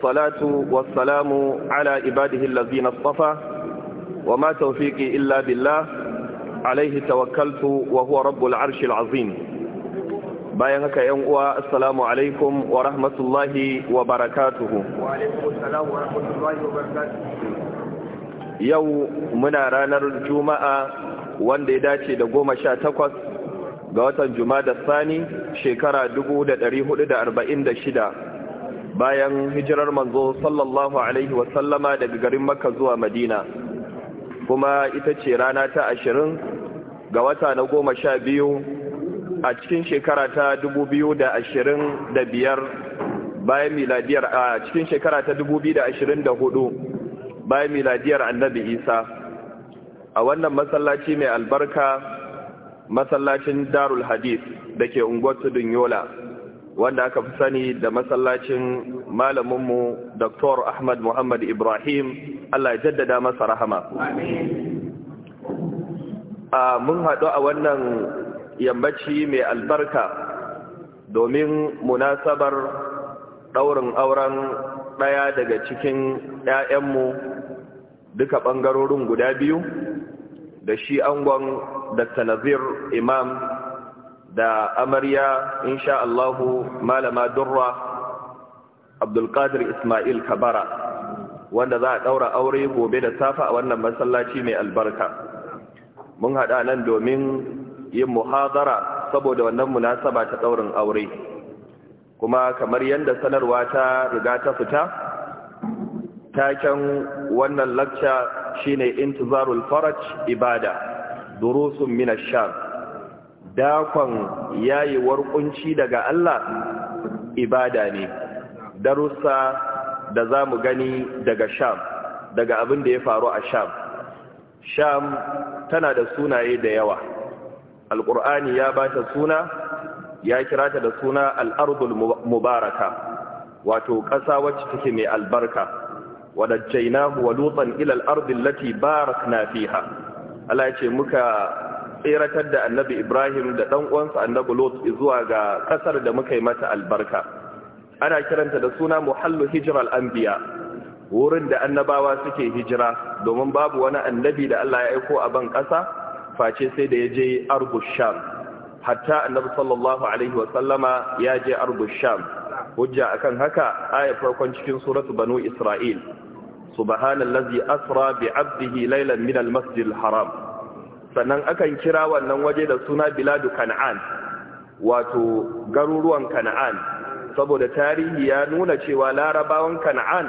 salatu wassalamu ala ibadihi allazina istafa wa ma tawfiqi illa billah alayhi tawakkaltu wa huwa rabbul arshil azim bayan haka yan uwa assalamu alaikum wa rahmatullahi wa barakatuhu yau muna ranar juma'a wanda ya dace da goma sha takwas ga watan juma'a da Sani shekara dubu da da hudu shida. bayan hijirar manzo sallallahu alaihi wasallama daga garin makka zuwa madina kuma ita ce rana ta ashirin ga wata na goma sha biyu a cikin shekara ta dubu biyu da ashirin da biyar bayan miladiyar a cikin shekara ta dubu biyu da ashirin da hudu bayan miladiyar annabi isa a wannan masallaci mai albarka masallacin darul hadith da ke unguwar tudun yola wanda aka fi sani da masallacin malaminmu Dr. Ahmad Muhammad Ibrahim Allah ya jaddada masa rahama. A mun haɗu a wannan yammaci mai albarka domin munasabar ɗaurin auren ɗaya daga cikin ‘ya'yanmu duka ɓangarorin guda biyu da shi angon Dr. Nazir Imam da amarya insha Allahu malama durra Abdulkadir Ismail Kabara wanda za a ɗaura aure gobe da safa a wannan masallaci mai albarka mun haɗa nan domin yin muhazara saboda wannan munasaba ta ɗaurin aure kuma kamar yadda sanarwa ta riga ta fita taken wannan lakca shine intizarul faraj ibada durusun minash shar. dakon yayewar kunci daga Allah ibada ne darussa da za mu gani daga sham daga abin da ya faru a sham sham tana da sunaye da yawa alƙur'ani ya ba suna ya kira ta da suna al'ardul mubaraka wato ƙasa wacce take mai albarka wadda jainahu wa lutsan ilal ardin lati barak na fiha Allah ya ce muka tseratar da annabi ibrahim da ɗan uwansa annabi lot zuwa ga ƙasar da muka yi mata albarka ana kiranta da suna muhallu hijiral anbiya wurin da annabawa suke hijira domin babu wani annabi da allah ya aiko a ban kasa face sai da ya je argusham hatta annabi sallallahu alaihi wasallama ya je argusham hujja akan haka aya farkon cikin suratu banu isra'il subhanallazi asra bi abdihi laylan min al-masjidil haram sannan akan kira wannan waje da suna biladu kan'an wato garuruwan kan'an saboda tarihi ya nuna cewa larabawan kan'an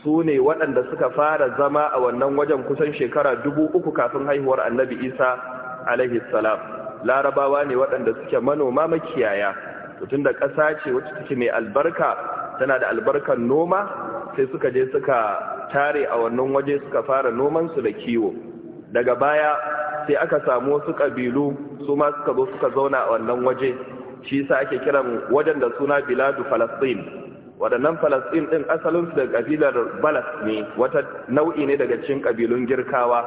su ne waɗanda suka fara zama a wannan wajen kusan shekara dubu uku kafin haihuwar annabi isa alaihi salam larabawa ne waɗanda suke manoma makiyaya tun da ƙasa ce wacce take mai albarka tana da albarkar noma sai suka je suka tare a wannan waje suka fara noman su da kiwo daga baya sai aka samu wasu ƙabilu su ma suka zo suka zauna a wannan waje shi sa ake kiran wajen da suna biladu falastin waɗannan falastin ɗin asalinsu daga ƙabilar balas ne wata nau'i ne daga cikin ƙabilun girkawa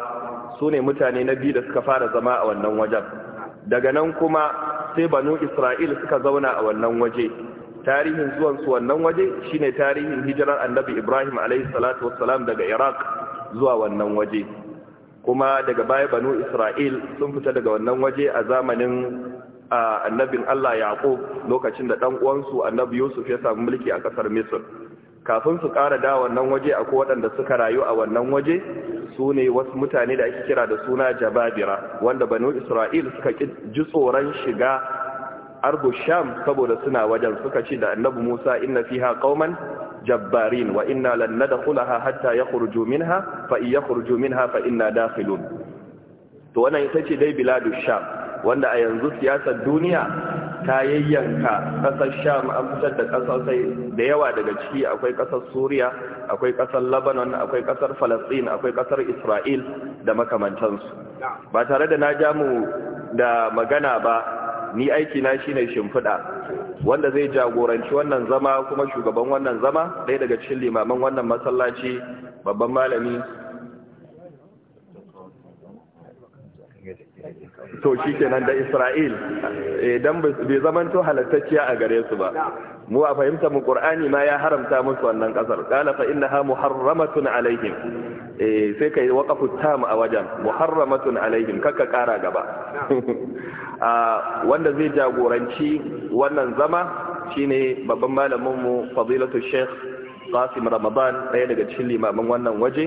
su ne mutane na biyu da suka fara zama a wannan wajen daga nan kuma sai banu isra'il suka zauna a wannan waje tarihin zuwansu wannan waje shine tarihin hijirar annabi ibrahim alaihi salatu wassalam daga iraq zuwa wannan waje kuma daga baya banu isra'il sun fita daga wannan waje a zamanin annabin allah yaqub lokacin da dan uwansu annabi yusuf ya samu mulki a kasar misr kafin su ƙara da wannan waje akwai waɗanda suka rayu a wannan waje su ne wasu mutane da ake kira da suna jababira wanda banu isra'il suka ji tsoron shiga arbu sham saboda suna wajen suka ce da annabi Musa inna fiha qauman jabbarin wa inna lan nadkhulaha hatta yakhruju minha fa in yakhruju minha fa inna dakhilun to wannan ita ce dai biladu sham wanda a yanzu siyasar duniya ta yayyanka kasar sham an fitar da kasar sai da yawa daga ciki akwai kasar suriya akwai kasar lebanon akwai kasar falastin akwai kasar isra'il da makamantansu ba tare da na jamu da magana ba ni aiki na shi ne shimfiɗa wanda zai jagoranci wannan zama kuma shugaban wannan zama ɗaya daga cikin limaman wannan masallaci babban malami to shi kenan da isra'il idan eh, bai zamanto halattacciya a gare su ba mu a fahimta mu qur'ani ma ya haramta musu wannan kasar qala fa innaha muharramatun alaihim eh, sai kai waqafu tam a wajen muharramatun alaihim kaka kara gaba a ah, wanda zai jagoranci wannan zama shine babban malamin mu fadilatu sheikh Qasim Ramadan ɗaya daga cikin limamin wannan waje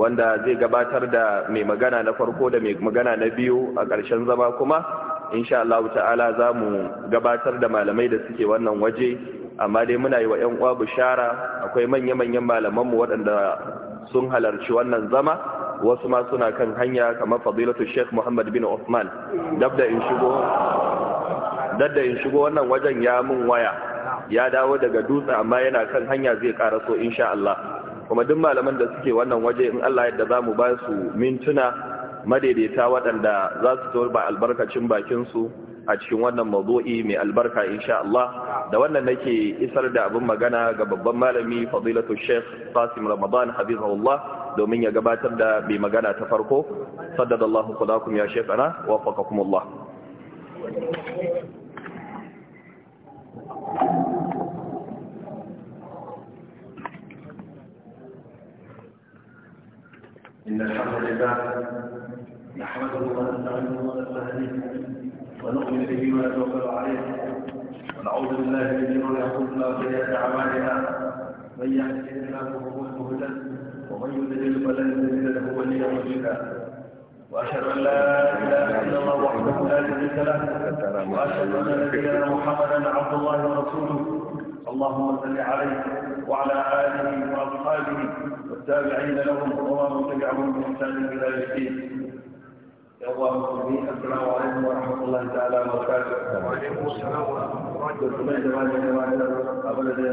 wanda zai gabatar da mai magana na farko da mai magana na biyu a ƙarshen zama kuma insha Allah ta'ala za mu gabatar da malamai da suke wannan waje amma dai muna yi wa 'yan uwa bishara akwai manya-manyan malamanmu waɗanda sun halarci wannan zama wasu ma suna kan hanya kamar fadilatu sheikh muhammad bin osman dabda in shigo wannan wajen ya mun waya ya dawo daga dutse amma yana kan hanya zai karaso insha Allah kuma duk malaman da suke wannan waje in Allah yadda za mu ba su mintuna madaidaita waɗanda za su ba albarkacin su a cikin wannan mazo'i mai albarka insha Allah da wannan nake isar da abin magana ga babban malami fadilatu sheikh qasim ramadan habibullah domin ya gabatar da mai magana ta farko saddadallahu kudakum ya shekana wa faqakumullah إن الحمد لله نحمده ونستعينه ونستهديه ونؤمن به ونتوكل عليه ونعوذ بالله من شرور أنفسنا وسيئات أعمالنا من يهده الله فهو مهدى ومن يضلل فلن تجد له وليا مرشدا وأشهد أن لا إله إلا الله وحده لا شريك له وأشهد أن نبينا محمدا عبد الله ورسوله اللهم صل عليه وعلى آله وأصحابه والتابعين لهم ومن تبعهم بإحسان إلى يوم الدين السلام عليكم ورحمة الله تعالى وبركاته. وعليكم السلام ورحمة الله وبركاته. أبدا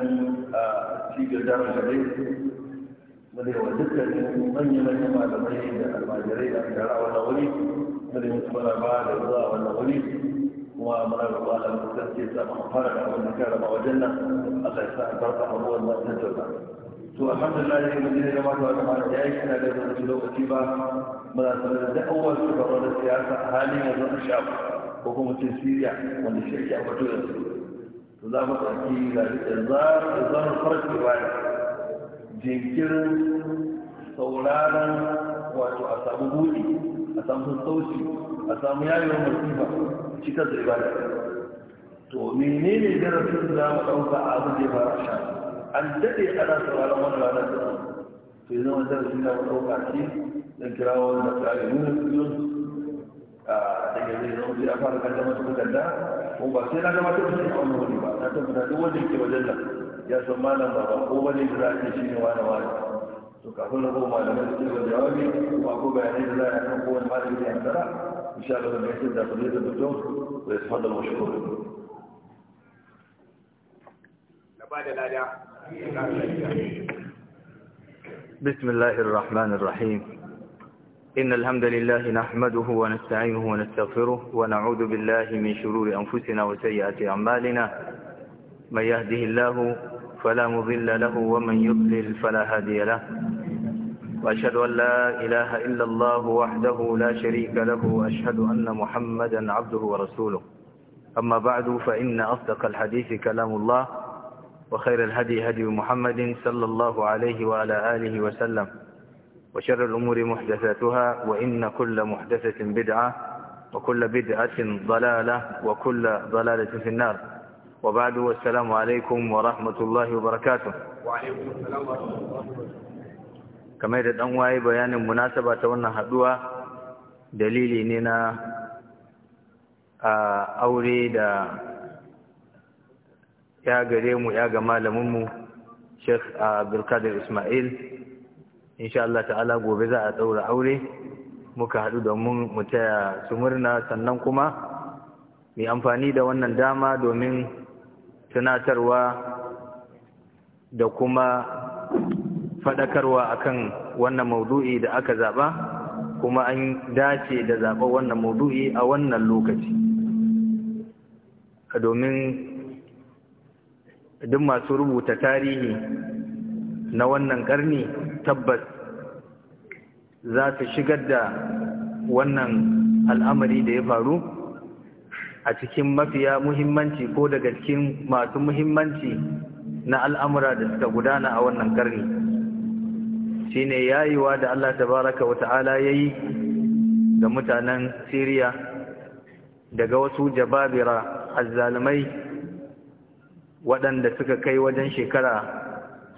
آه، في جدار الجديد مدير وزكاة من يمن يمع المجيد المعجرين أكثر ونغلي مدير مصبر بعد الله ونغلي kuma muna roƙo Allah wajen nan Allah a karɓa abubuwan nan ta to alhamdulillah ne mun ne gaba da ya yi da lokaci ba da su da siyasa a halin yanzu a shafu ko kuma Syria wanda a fito yanzu za da jinkirin sauraron wato a samu buɗi a samu sauci a samu yayewar masifa shi da ibada to menene darasin za da ɗauka a abin da ya fara sha an daɗe ana sauraron wani rana da to yi zama darasin da mu ɗauka shi don kira da tsari nuna yun a daga zai zama sai a fara kanta masu bukanda Ko ba sai na gama ta fi a wani wani ba na tabbata duk wanda ke wajen nan ya san malam ba ba ko wani da za a shi ne wani wani to kafin na zama malamai da cikin jawabi kuma ko bayanai da za a kan kowane malami ya tara in sha Allah da yake da kullu da mutum da ya fada mu shukuru na ba da lada بسم الله الرحمن الرحيم إن الحمد لله نحمده ونستعينه ونستغفره ونعوذ بالله من شرور أنفسنا وسيئات أعمالنا من يهده الله فلا مضل له ومن يضلل فلا هادي له وأشهد أن لا إله إلا الله وحده لا شريك له وأشهد أن محمدا عبده ورسوله أما بعد فإن أصدق الحديث كلام الله وخير الهدي هدي محمد صلى الله عليه وعلى آله وسلم وشر الأمور محدثاتها وإن كل محدثة بدعة وكل بدعة ضلالة وكل ضلالة في النار وبعد والسلام عليكم ورحمة الله وبركاته وعليكم السلام ورحمة الله وبركاته kamar da dan waye bayanin munasaba ta wannan haduwa dalili ne na a aure da ya gare mu ya ga malamin mu Sheikh Abdulkadir Ismail insha Allah ta'ala gobe za a daura aure muka haɗu da mu taya su murna sannan kuma mai amfani da wannan dama domin tunatarwa da kuma faɗakarwa akan wannan maudu'i da aka zaɓa kuma an dace da zaɓar wannan maudu'i a wannan lokaci domin duk masu rubuta tarihi na wannan ƙarni tabbas za su shigar da wannan al'amari da ya faru a cikin mafiya muhimmanci ko daga cikin masu muhimmanci na al'amura da suka gudana a wannan ƙarni shine yayiwa da Allah tabaraka wa ta'ala yayi ga mutanen Siriya daga wasu jababira azzalumai waɗanda suka kai wajen shekara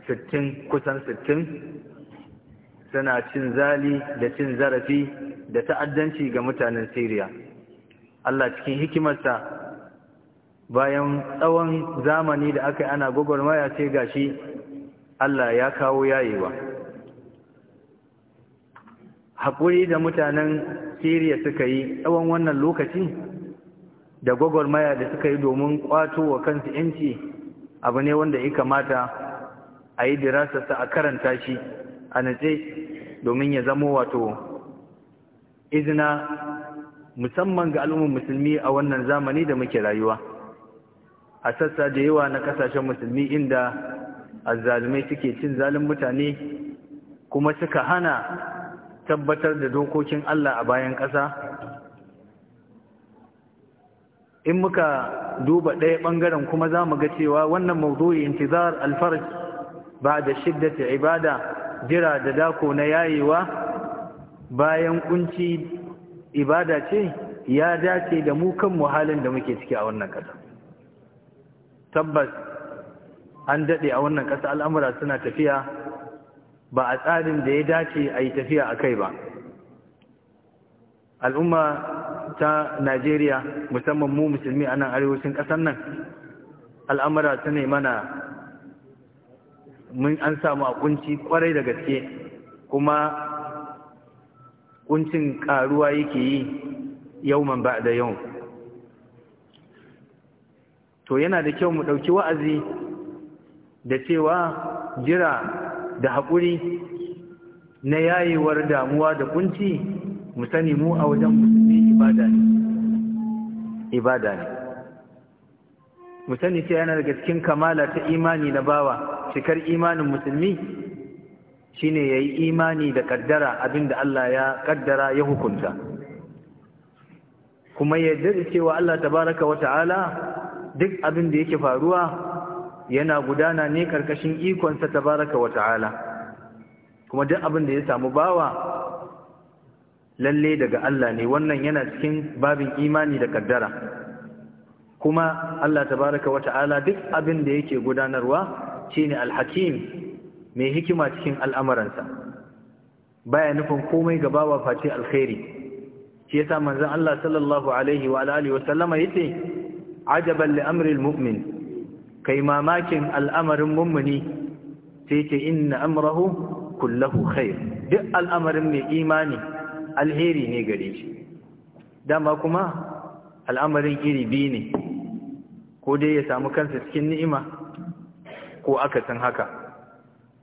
60 kusan 60 suna cin zali da cin zarafi da ta'addanci ga mutanen Siriya Allah cikin hikimarsa bayan tsawon zamani da aka yi ana gwagwarmaya sai gashi Allah ya kawo yayewa haƙuri da mutanen siriya suka yi tsawon wannan lokaci da gwagwarmaya da suka yi domin ƙwato wa kansu yanci abu ne wanda ya kamata a yi dirasarsa a karanta shi a natse domin ya zamo wato izina musamman ga al'ummar musulmi a wannan zamani da muke rayuwa a sassa da yawa na kasashen musulmi inda azzalumai suke cin zalin mutane kuma suka hana tabbatar da dokokin Allah a bayan ƙasa in muka duba ɗaya ɓangaren kuma za mu ga cewa wannan mawdu'i intizar alfarj ba da shidda ta ibada jira da dako na yayewa bayan kunci ibada ce ya dace da mu kan muhalin da muke ciki a wannan ƙasa tabbas an daɗe a wannan ƙasa al'amura suna tafiya ba a tsarin da ya dace a yi tafiya a kai ba al'umma ta najeriya musamman mu musulmi a nan arewacin ƙasar nan al'amura su ne mana mun an samu a kunci kwarai da gaske kuma ƙuncin ƙaruwa yake yi yauman ba da yau to yana da kyau mu ɗauki wa'azi da cewa jira da haƙuri na yayewar damuwa da kunci mu sani mu a wajen musulmi ibada ne ibada ne mu sani sai yana daga cikin kamala ta imani na bawa cikar imanin musulmi shine yayi imani da kaddara abinda Allah ya kaddara ya hukunta kuma yadda cewa Allah tabaraka wa ta'ala duk abin da yake faruwa yana gudana ne karkashin ikonsa tabaraka wa ta'ala kuma duk abin da ya samu bawa lalle daga Allah ne wannan yana cikin babin imani da kaddara kuma Allah tabaraka wa ta'ala duk abin da yake gudanarwa ce ne alhakim mai hikima cikin al'amuransa baya nufin komai ga bawa face alkhairi shi yasa manzon Allah sallallahu alaihi wa alihi wa sallama yace ajaban li amri mumin kai mamakin al'amarin mummuni sai ce inna amrahu kullahu khair duk al'amarin mai imani alheri ne gare shi dama kuma al'amarin iri biyu ne ko dai ya samu kansa cikin ni'ima ko aka san haka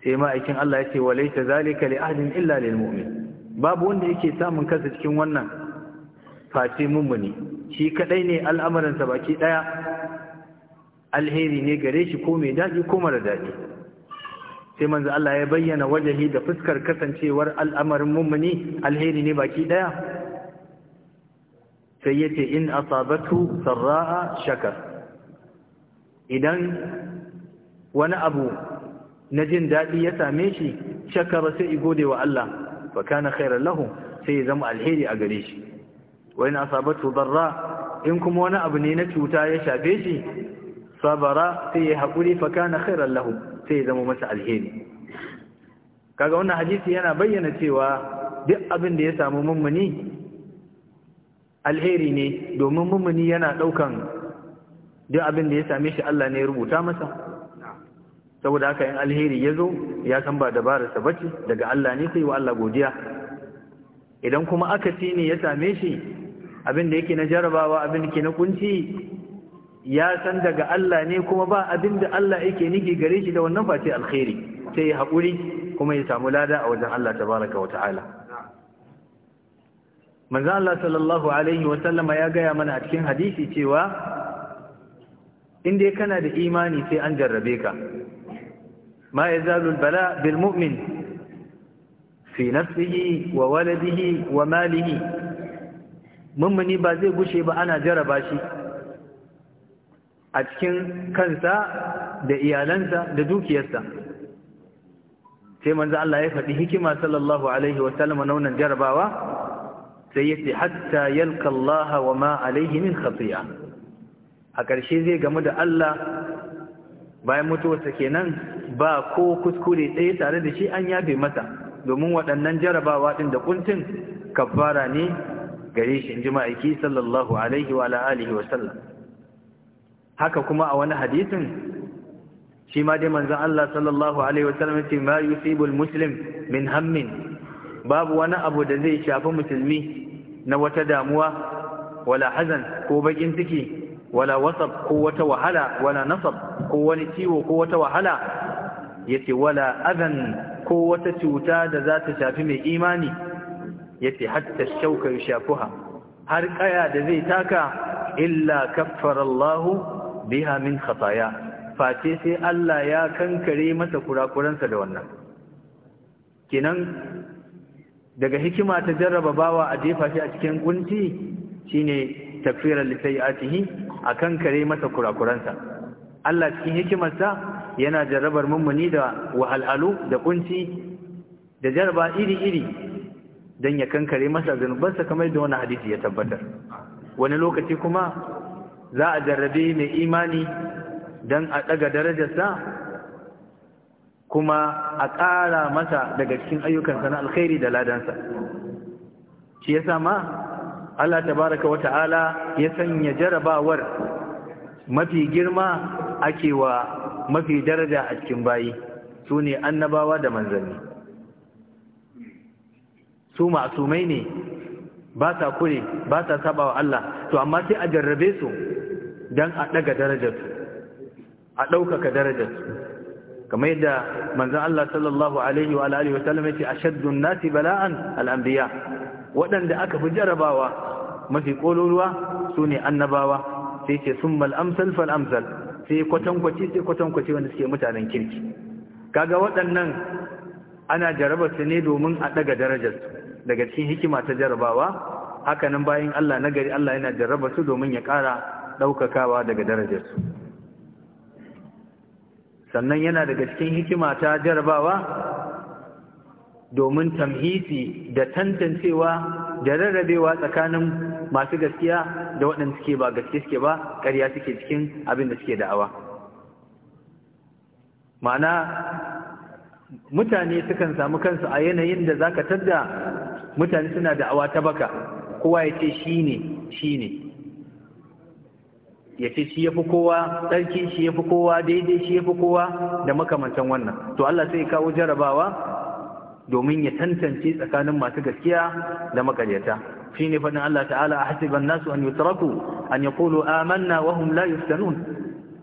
sai ma'aikin Allah ya ce walaita zalika li ahdin illa lil mu'min babu wanda yake samun kansa cikin wannan Fati mummuni shi kadai ne al'amarin sa baki daya alheri ne gare shi ko mai daɗi ko mara daɗi sai manzo Allah ya bayyana wajahi da fuskar kasancewar al'amarin mummuni alheri ne baki daya sai yace in asabatu sarra'a shakar idan wani abu na jin daɗi ya same shi shakara sai i gode wa Allah fa kana khairan lahu sai ya zama alheri a gare shi wa in asabatu darra in kuma wani abu ne na cuta ya shafe shi sabara sai ya haƙuri fa kana khairan lahu sai ya zama masa alheri kaga wannan hadisi yana bayyana cewa duk abin da ya samu mummuni alheri ne domin mummuni yana daukan duk abin da ya same shi Allah ne ya rubuta masa saboda haka in alheri ya zo ya san ba dabarar sa bace daga Allah ne sai wa Allah godiya idan kuma aka ne ya same shi abin da yake na jarabawa abin da ke na kunci ya san daga Allah ne kuma ba abin da Allah yake niki gare shi da wannan face alkhairi sai ya haƙuri kuma ya samu lada a wajen Allah tabaraka wa ta'ala manzo Allah sallallahu alaihi wa sallama ya gaya mana a cikin hadisi cewa in dai kana da imani sai an jarrabe ka ma yazalu albala bil mu'min fi nafsihi wa waladihi wa malihi mummuni ba zai gushe ba ana jarraba shi a cikin kansa da iyalansa da dukiyarsa sai manzo Allah ya faɗi hikima sallallahu alaihi wa sallam naunan jarabawa sai yace hatta yalka Allah wa ma alaihi min khati'a a ƙarshe zai gamu da Allah bayan mutuwarsa kenan ba ko kuskure ɗaya tare da shi an yabe masa domin waɗannan jarabawa ɗin da kuntin kafara ne gare shi in ji ma'aiki sallallahu alaihi wa alihi wa sallam haka kuma a wani hadisin shi ma dai manzon Allah sallallahu alaihi wasallam ce ma yusibul muslim min hammin babu wani abu da zai shafi musulmi na wata damuwa wala hazan ko bakin ciki wala wasab ko wata wahala wala nasab ko wani ciwo ko wata wahala ya yace wala adan ko wata cuta da za ta shafi mai imani ya yace hatta shauka yashafuha har kaya da zai taka illa kaffarallahu. biha min khataya face sai Allah ya kankare masa kurakuransa da wannan kinan daga hikima ta jarraba bawa a jefa shi a cikin kunci shine takfiran a a kankare masa kurakuransa Allah cikin hikimarsa yana jarrabar mummuni da wahalhalu da kunci da jarraba iri-iri dan ya kankare masa zanubansa kamar da wani hadisi ya tabbatar wani lokaci kuma za a jarrabe mai imani don a ɗaga darajarsa kuma a ƙara masa daga cikin ayyukansa na alkhairi da ladansa shi ya ma Allah ta baraka wa ta'ala ya sanya jarrabawar mafi girma ake wa mafi daraja a cikin bayi su ne annabawa da manzanni su mai ne ba sa kure ba sa saba wa Allah to amma sai a jarrabe su don a ɗaga darajarsu a ɗaukaka darajarsu kamar yadda manzan Allah sallallahu Alaihi wa Alaihi wa sallam ce a shaddun nasi bala'an al'ambiya waɗanda aka fi jarabawa mafi ƙololuwa su ne annabawa sai ce sun mal'amsal fal'amsal sai kwatankwaci sai kwatankwaci wanda suke mutanen kirki kaga waɗannan ana jarabarsu ne domin a ɗaga darajarsu daga cikin hikima ta jarabawa hakanan bayan Allah nagari Allah yana jarraba su domin ya ƙara ɗaukakawa daga darajarsu sannan yana daga cikin hikima ta jarabawa domin tamhisi da tantancewa da rarrabewa tsakanin masu gaskiya da waɗanda suke ba gaske suke ba ƙarya suke cikin abin da suke da'awa ma'ana mutane sukan samu kansu a yanayin da za ka tadda mutane suna da'awa ta baka kowa ya ce shi ne shi ne ya ce shi ya fi kowa tsarki shi ya fi kowa daidai shi ya fi kowa da makamantan wannan to Allah sai kawo jarabawa domin ya tantance tsakanin masu gaskiya da makaryata shi ne faɗin Allah ta'ala a hasiban nasu an yutraku an yaqulu amanna wa hum la yuftanun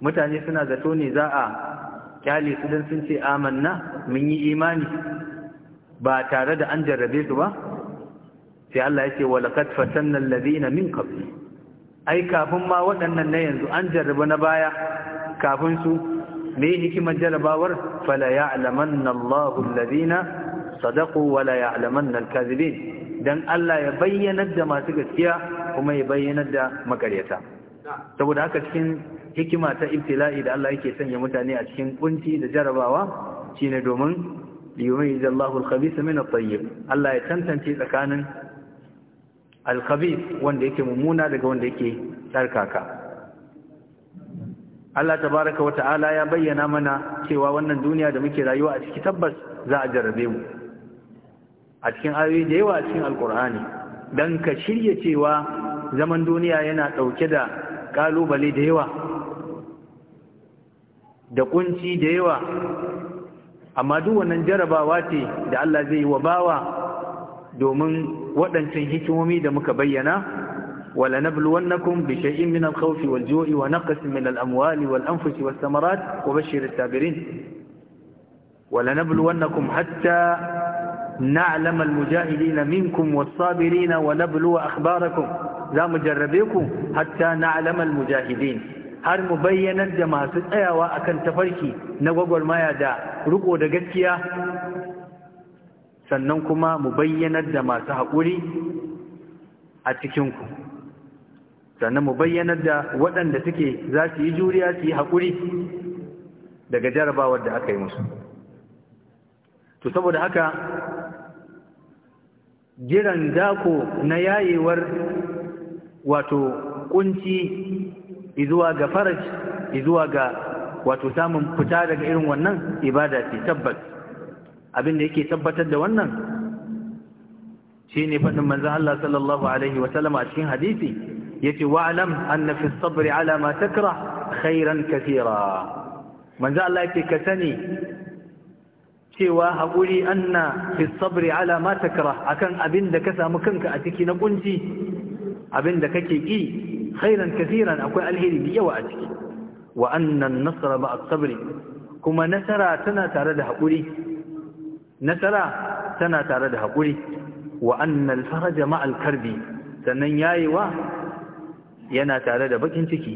mutane suna zato ne za a kyale su dan sun ce amanna mun yi imani ba tare da an jarrabe su ba sai Allah ya ce wa laqad fatanna alladhina min qabli ai kafin ma waɗannan na yanzu an jarraba na baya kafin su me hikimar jarrabawar fala ya'lamanna Allahu alladhina sadaqu wa la ya'lamanna al-kadhibin dan Allah ya bayyana da masu gaskiya kuma ya bayyanar da makaryata saboda haka cikin hikima ta ibtila'i da Allah yake sanya mutane a cikin kunci da jarrabawa shine domin liyumayyiz Allahu al min at-tayyib Allah ya tantance tsakanin alkhabith wanda yake mummuna daga wanda yake tsarkaka Allah tabaraka ta'ala ya bayyana mana cewa wannan duniya da muke rayuwa a ciki tabbas za a jarrabe mu a cikin ayoyi da yawa a cikin alkur'ani dan ka shirye cewa zaman duniya yana dauke da kalubale da yawa da kunci da yawa amma duk wannan jarrabawa ce da Allah zai yi wa bawa domin waɗancan hikimomi da muka bayyana wala nabluwannakum bi shay'in min al-khawf wal-ju'i wa naqsin min al-amwali wal-anfusi was-samarat wa bashshir as-sabirin wala nabluwannakum hatta na'lam al-mujahidin minkum was-sabirin wa nablu akhbarakum za mu jarrabe ku hatta na'lam al-mujahidin har mu bayyanar da masu tsayawa akan tafarki na gwagwarmaya da riko da gaskiya sannan kuma mu bayyanar da masu haƙuri a cikinku sannan mu bayyanar da waɗanda suke za su yi juriya su yi haƙuri daga jarabawar da aka yi musu to saboda haka jiran dako na yayewar wato kunci izuwa ga faraj izuwa ga wato samun fita daga irin wannan ibada ce tabbas abin da yake tabbatar da wannan shine faɗin manzon Allah sallallahu alaihi wa sallam a cikin hadisi yace wa'lam anna fi as-sabr ta kira takrah khairan kathira manzon Allah yake ka sani cewa haƙuri anna fi sabri ta kira a kan abin da ka samu kanka a ciki na kunci abin da kake ki khairan kaseeran akwai alheri da yawa a ciki wa anna an-nasra ma'a sabri kuma nasara tana tare da haƙuri nasara tana tare da haƙuri wa annal faraja ma'al karbi sannan yayewa yana tare da bakin ciki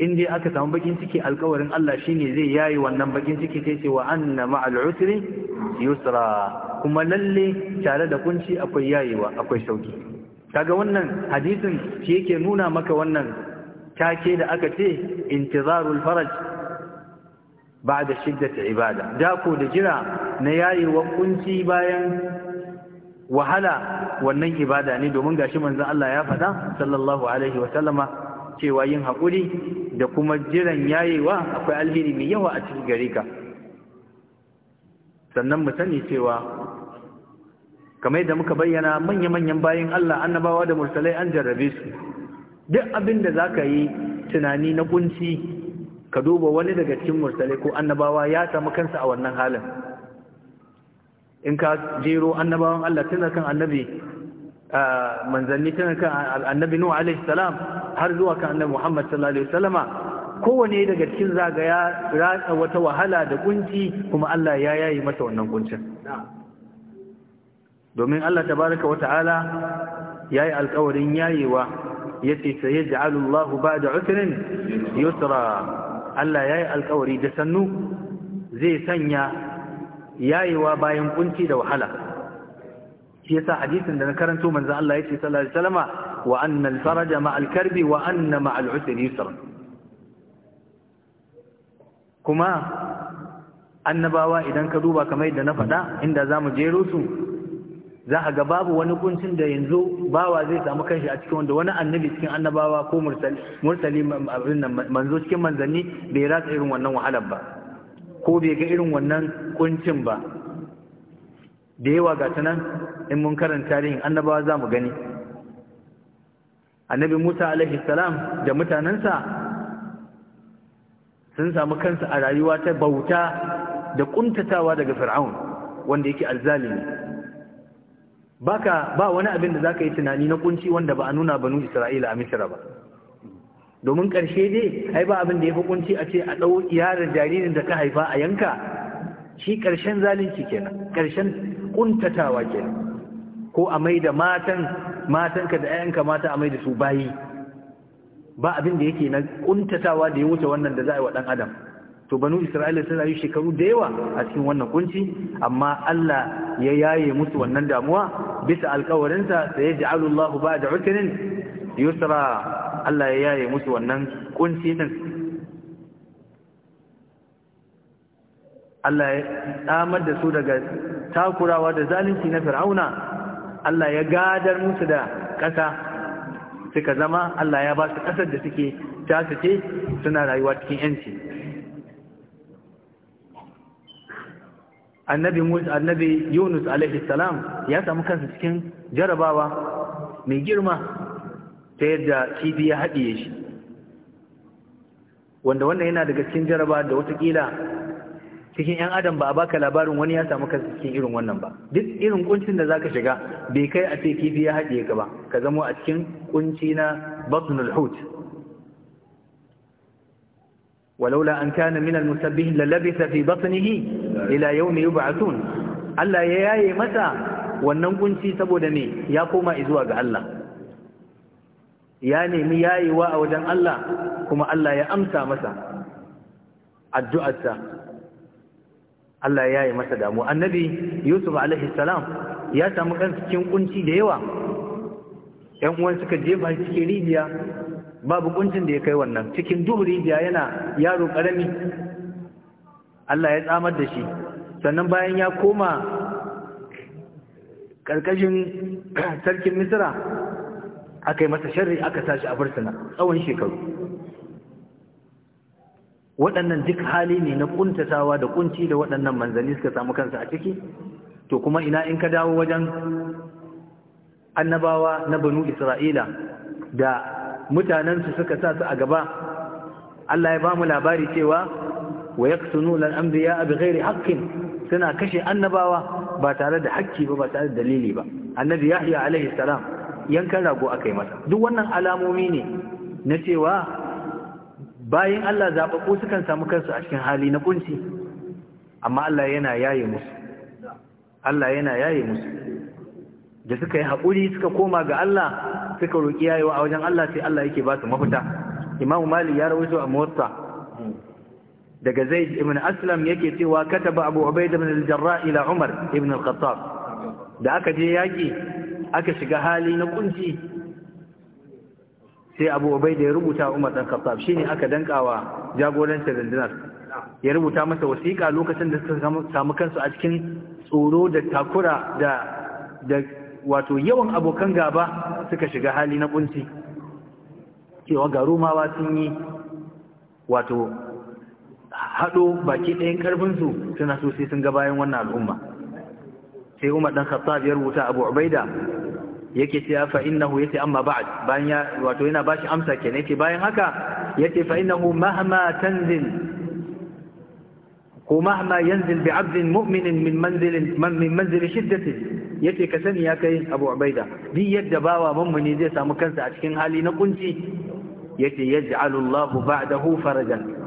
inda aka samu bakin ciki alkawarin Allah shine zai yayi wannan bakin ciki sai ce wa anna ma'al usri yusra kuma lalle tare da kunci akwai yayewa akwai sauki kaga wannan hadisin shi yake nuna maka wannan take da aka ce intizarul faraj ba da shiddata ibada Da dako da jira na yayewa kunci bayan wahala wannan ibada ne domin gashi manzon Allah ya faɗa sallallahu alaihi wa sallama cewa yin haƙuri da kuma jiran yayewa akwai alheri mai yawa a cikin gare ka sannan mu sani cewa kamar da muka bayyana manya-manyan bayan Allah annabawa da mursalai an jarrabe su duk abin da za ka yi tunani na kunci ka duba wani daga cikin mursale ko annabawa ya samu kansa a wannan halin in ka jero annabawan Allah tun kan annabi manzanni tun kan annabi Nuhu alaihi salam har zuwa kan annabi Muhammad sallallahu alaihi kowane daga cikin zagaya ratsa wata wahala da kunci kuma Allah ya yayi masa wannan kuncin domin Allah tabaraka wa ta'ala yayi alƙawarin yayewa yace ja'alullahu ba'da usrin yusra Allah ya yi alkawari da sannu zai sanya yayewa bayan kunci da wahala shi yasa hadisin da na karanto manza Allah ya ce sallallahu alaihi wasallama wa anna al-faraja ma'a karbi wa anna ma'a usri yusra kuma annabawa idan ka duba kamar yadda na faɗa inda zamu jero su za a ga babu wani kuncin da yanzu bawa zai samu kanshi a cikin wanda wani annabi cikin annabawa ko mursali manzo cikin manzanni bai rasa irin wannan wahalar ba ko bai ga irin wannan kuncin ba da yawa ga ta in mun karanta tarihin annabawa za mu gani annabi musa alaihi salam da mutanensa sun samu kansu a rayuwa ta bauta da kuntatawa daga fir'aun wanda yake alzalimi baka ba wani abin da zaka yi tunani na kunci wanda ba a nuna banu Isra'ila a Misra ba domin karshe dai ai ba abin da yafi kunci a ce a dau yaron jaririn da ka haifa a yanka shi karshen zalunci kenan karshen kuntatawa kenan ko a maida matan matanka da ayyanka mata a maida su bayi ba abin da yake na kuntatawa da ya wuce wannan da za a yi wa dan adam to banu isra'ila sun rayu shekaru da yawa a cikin wannan kunci amma Allah ya yaye musu wannan damuwa bisa alƙawarinsa da ya ja'alu Allah ba'da usrin yusra Allah ya yaye musu wannan kunci din Allah ya tsamar da su daga takurawa da zalunci na fir'auna Allah ya gadar musu da ƙasa suka zama Allah ya ba su ƙasar da suke tasace ce suna rayuwa cikin yanci annabi annabi Yunus alaihi salam ya samu kansa cikin jarabawa mai girma ta yadda kifi ya haɗiye shi wanda wannan yana daga cikin jaraba da watakila cikin 'yan adam ba a baka labarin wani ya samu kansa cikin irin wannan ba duk irin kuncin da zaka shiga bai kai a ce kifi ya haɗiye ka ba ka zamo a cikin kunci na batnul hut an أن كان من المسبحين للبث fi بطنه ila yawmi yub'atun Allah ya yaye mata wannan kunci saboda me ya koma zuwa ga Allah ya nemi yayewa a wajen Allah kuma Allah ya amsa masa addu'arsa Allah ya yaye masa damu annabi Yusuf alaihi salam ya samu kan cikin kunci da yawa ƴan uwan suka jefa cikin rijiya babu kuncin da ya kai wannan cikin duhu rijiya yana yaro karami Allah ya tsamar da shi sannan bayan ya koma ƙarƙashin sarkin misira aka yi masa sharri aka tashi a fursuna tsawon shekaru waɗannan duk hali ne na ƙuntatawa da ƙunci da waɗannan manzanni suka samu kansa a ciki to kuma ina in ka dawo wajen annabawa na banu isra'ila da mutanensu suka sa su a gaba Allah ya ba mu labari cewa wa yaqtununa al-anbiya bighairi haqqin suna kashe annabawa ba tare da hakki ba ba tare dalili ba annabi yahya alaihi salam yankan rago akai masa duk wannan alamomi ne na cewa bayan Allah zababbu sukan samu kansu a cikin hali na kunci amma Allah yana yaye musu da suka yi haƙuri suka koma ga Allah suka roƙi yayewa a wajen Allah sai Allah yake ba su mafita imamu mali ya rawaito a muwatta daga zaid ibn aslam yake cewa kataba abu ubaid ibn al-jarra ila umar ibn al-khattab da aka je yaki aka shiga hali na kunci sai abu ubaid ya rubuta umar dan khattab shine aka dankawa jagorancin rundunar ya rubuta masa wasiƙa lokacin da suka samu kansu a cikin tsoro da takura da da wato yawan abokan gaba suka shiga hali na kunci cewa garumawa sun yi wato haɗo baki ɗayan ƙarfinsu suna so sai sun ga bayan wannan al'umma sai umar ɗan khattab ya rubuta abu ubaida yake ce fa innahu yace amma ba'd bayan ya wato yana bashi amsa kenan yace bayan haka yace fa innahu mahma tanzil ko mahma yanzil bi 'abdin mu'minin min manzil min manzil shiddati yace ka sani ya kai Abu Ubaida Bi yadda bawa mummuni zai samu kansa a cikin hali na kunci yace yaj'alu Allahu ba'dahu farajan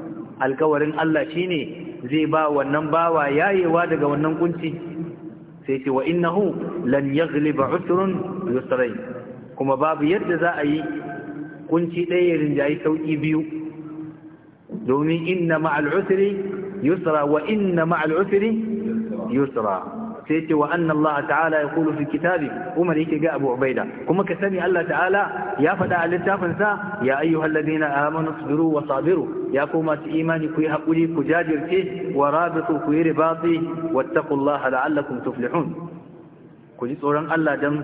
alkawarin Allah shine zai ba wannan bawa yayewa daga wannan kunci sai ce wa innahu lan yaghliba usrun yusrayn kuma babu yadda za a yi kunci ɗaya ya rinjayi sauƙi biyu domin inna ma'al usri yusra wa inna ma'al usri yusra sai yake wa anna Allah ta'ala ya kulu fi kitabi Umar yake ga Abu Ubaida kuma ka sani Allah ta'ala ya faɗa a littafin sa ya ayyuhal ladina amanu sabiru wa sabiru ya ku masu imani ku yi hakuri ku jajirce wa rabitu ku yi ribati wattaqullaha la'allakum tuflihun ku ji tsoron Allah dan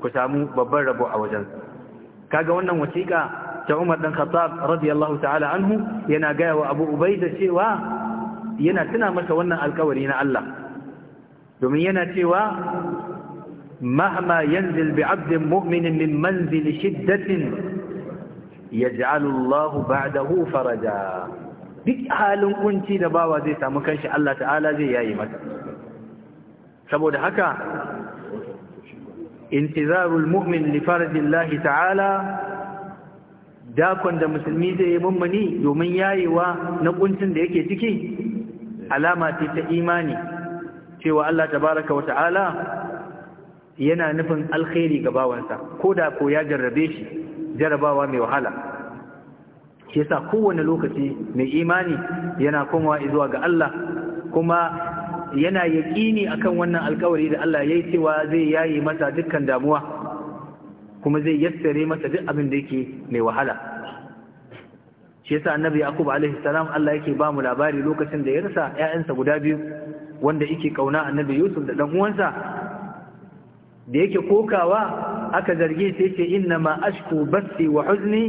ku samu babban rabo a wajen kaga wannan wasiƙa ta Umar dan Khattab radiyallahu ta'ala anhu yana gaya wa Abu Ubaida cewa yana tuna masa wannan alƙawari na Allah domin yana cewa mahma yanzil bi abdin mu'minin min manzil shiddatin yaj'alu hu ba'dahu faraja duk halin kunci da bawa zai samu kanshi Allah ta'ala zai yayi mata saboda haka intizarul mu'min li farajillahi ta'ala dakon da musulmi zai yi mummuni domin yayewa na kuncin da yake ciki alama ce ta imani cewa Allah tabaraka wa ta'ala yana nufin alkhairi ga bawansa ko da ko ya jarrabe shi jarrabawa mai wahala shi yasa kowane lokaci mai imani yana komawa zuwa ga Allah kuma yana yaƙini akan wannan alkawari da Allah ya yi cewa zai yayi masa dukkan damuwa kuma zai yassare masa duk abin da yake mai wahala shi yasa annabi yakubu alaihi salam Allah yake ba mu labari lokacin da ya rasa ƴaƴansa guda biyu wanda yake kauna annabi yusuf da dan uwansa da yake kokawa aka zarge sai ce inna ma ashku basi wa huzni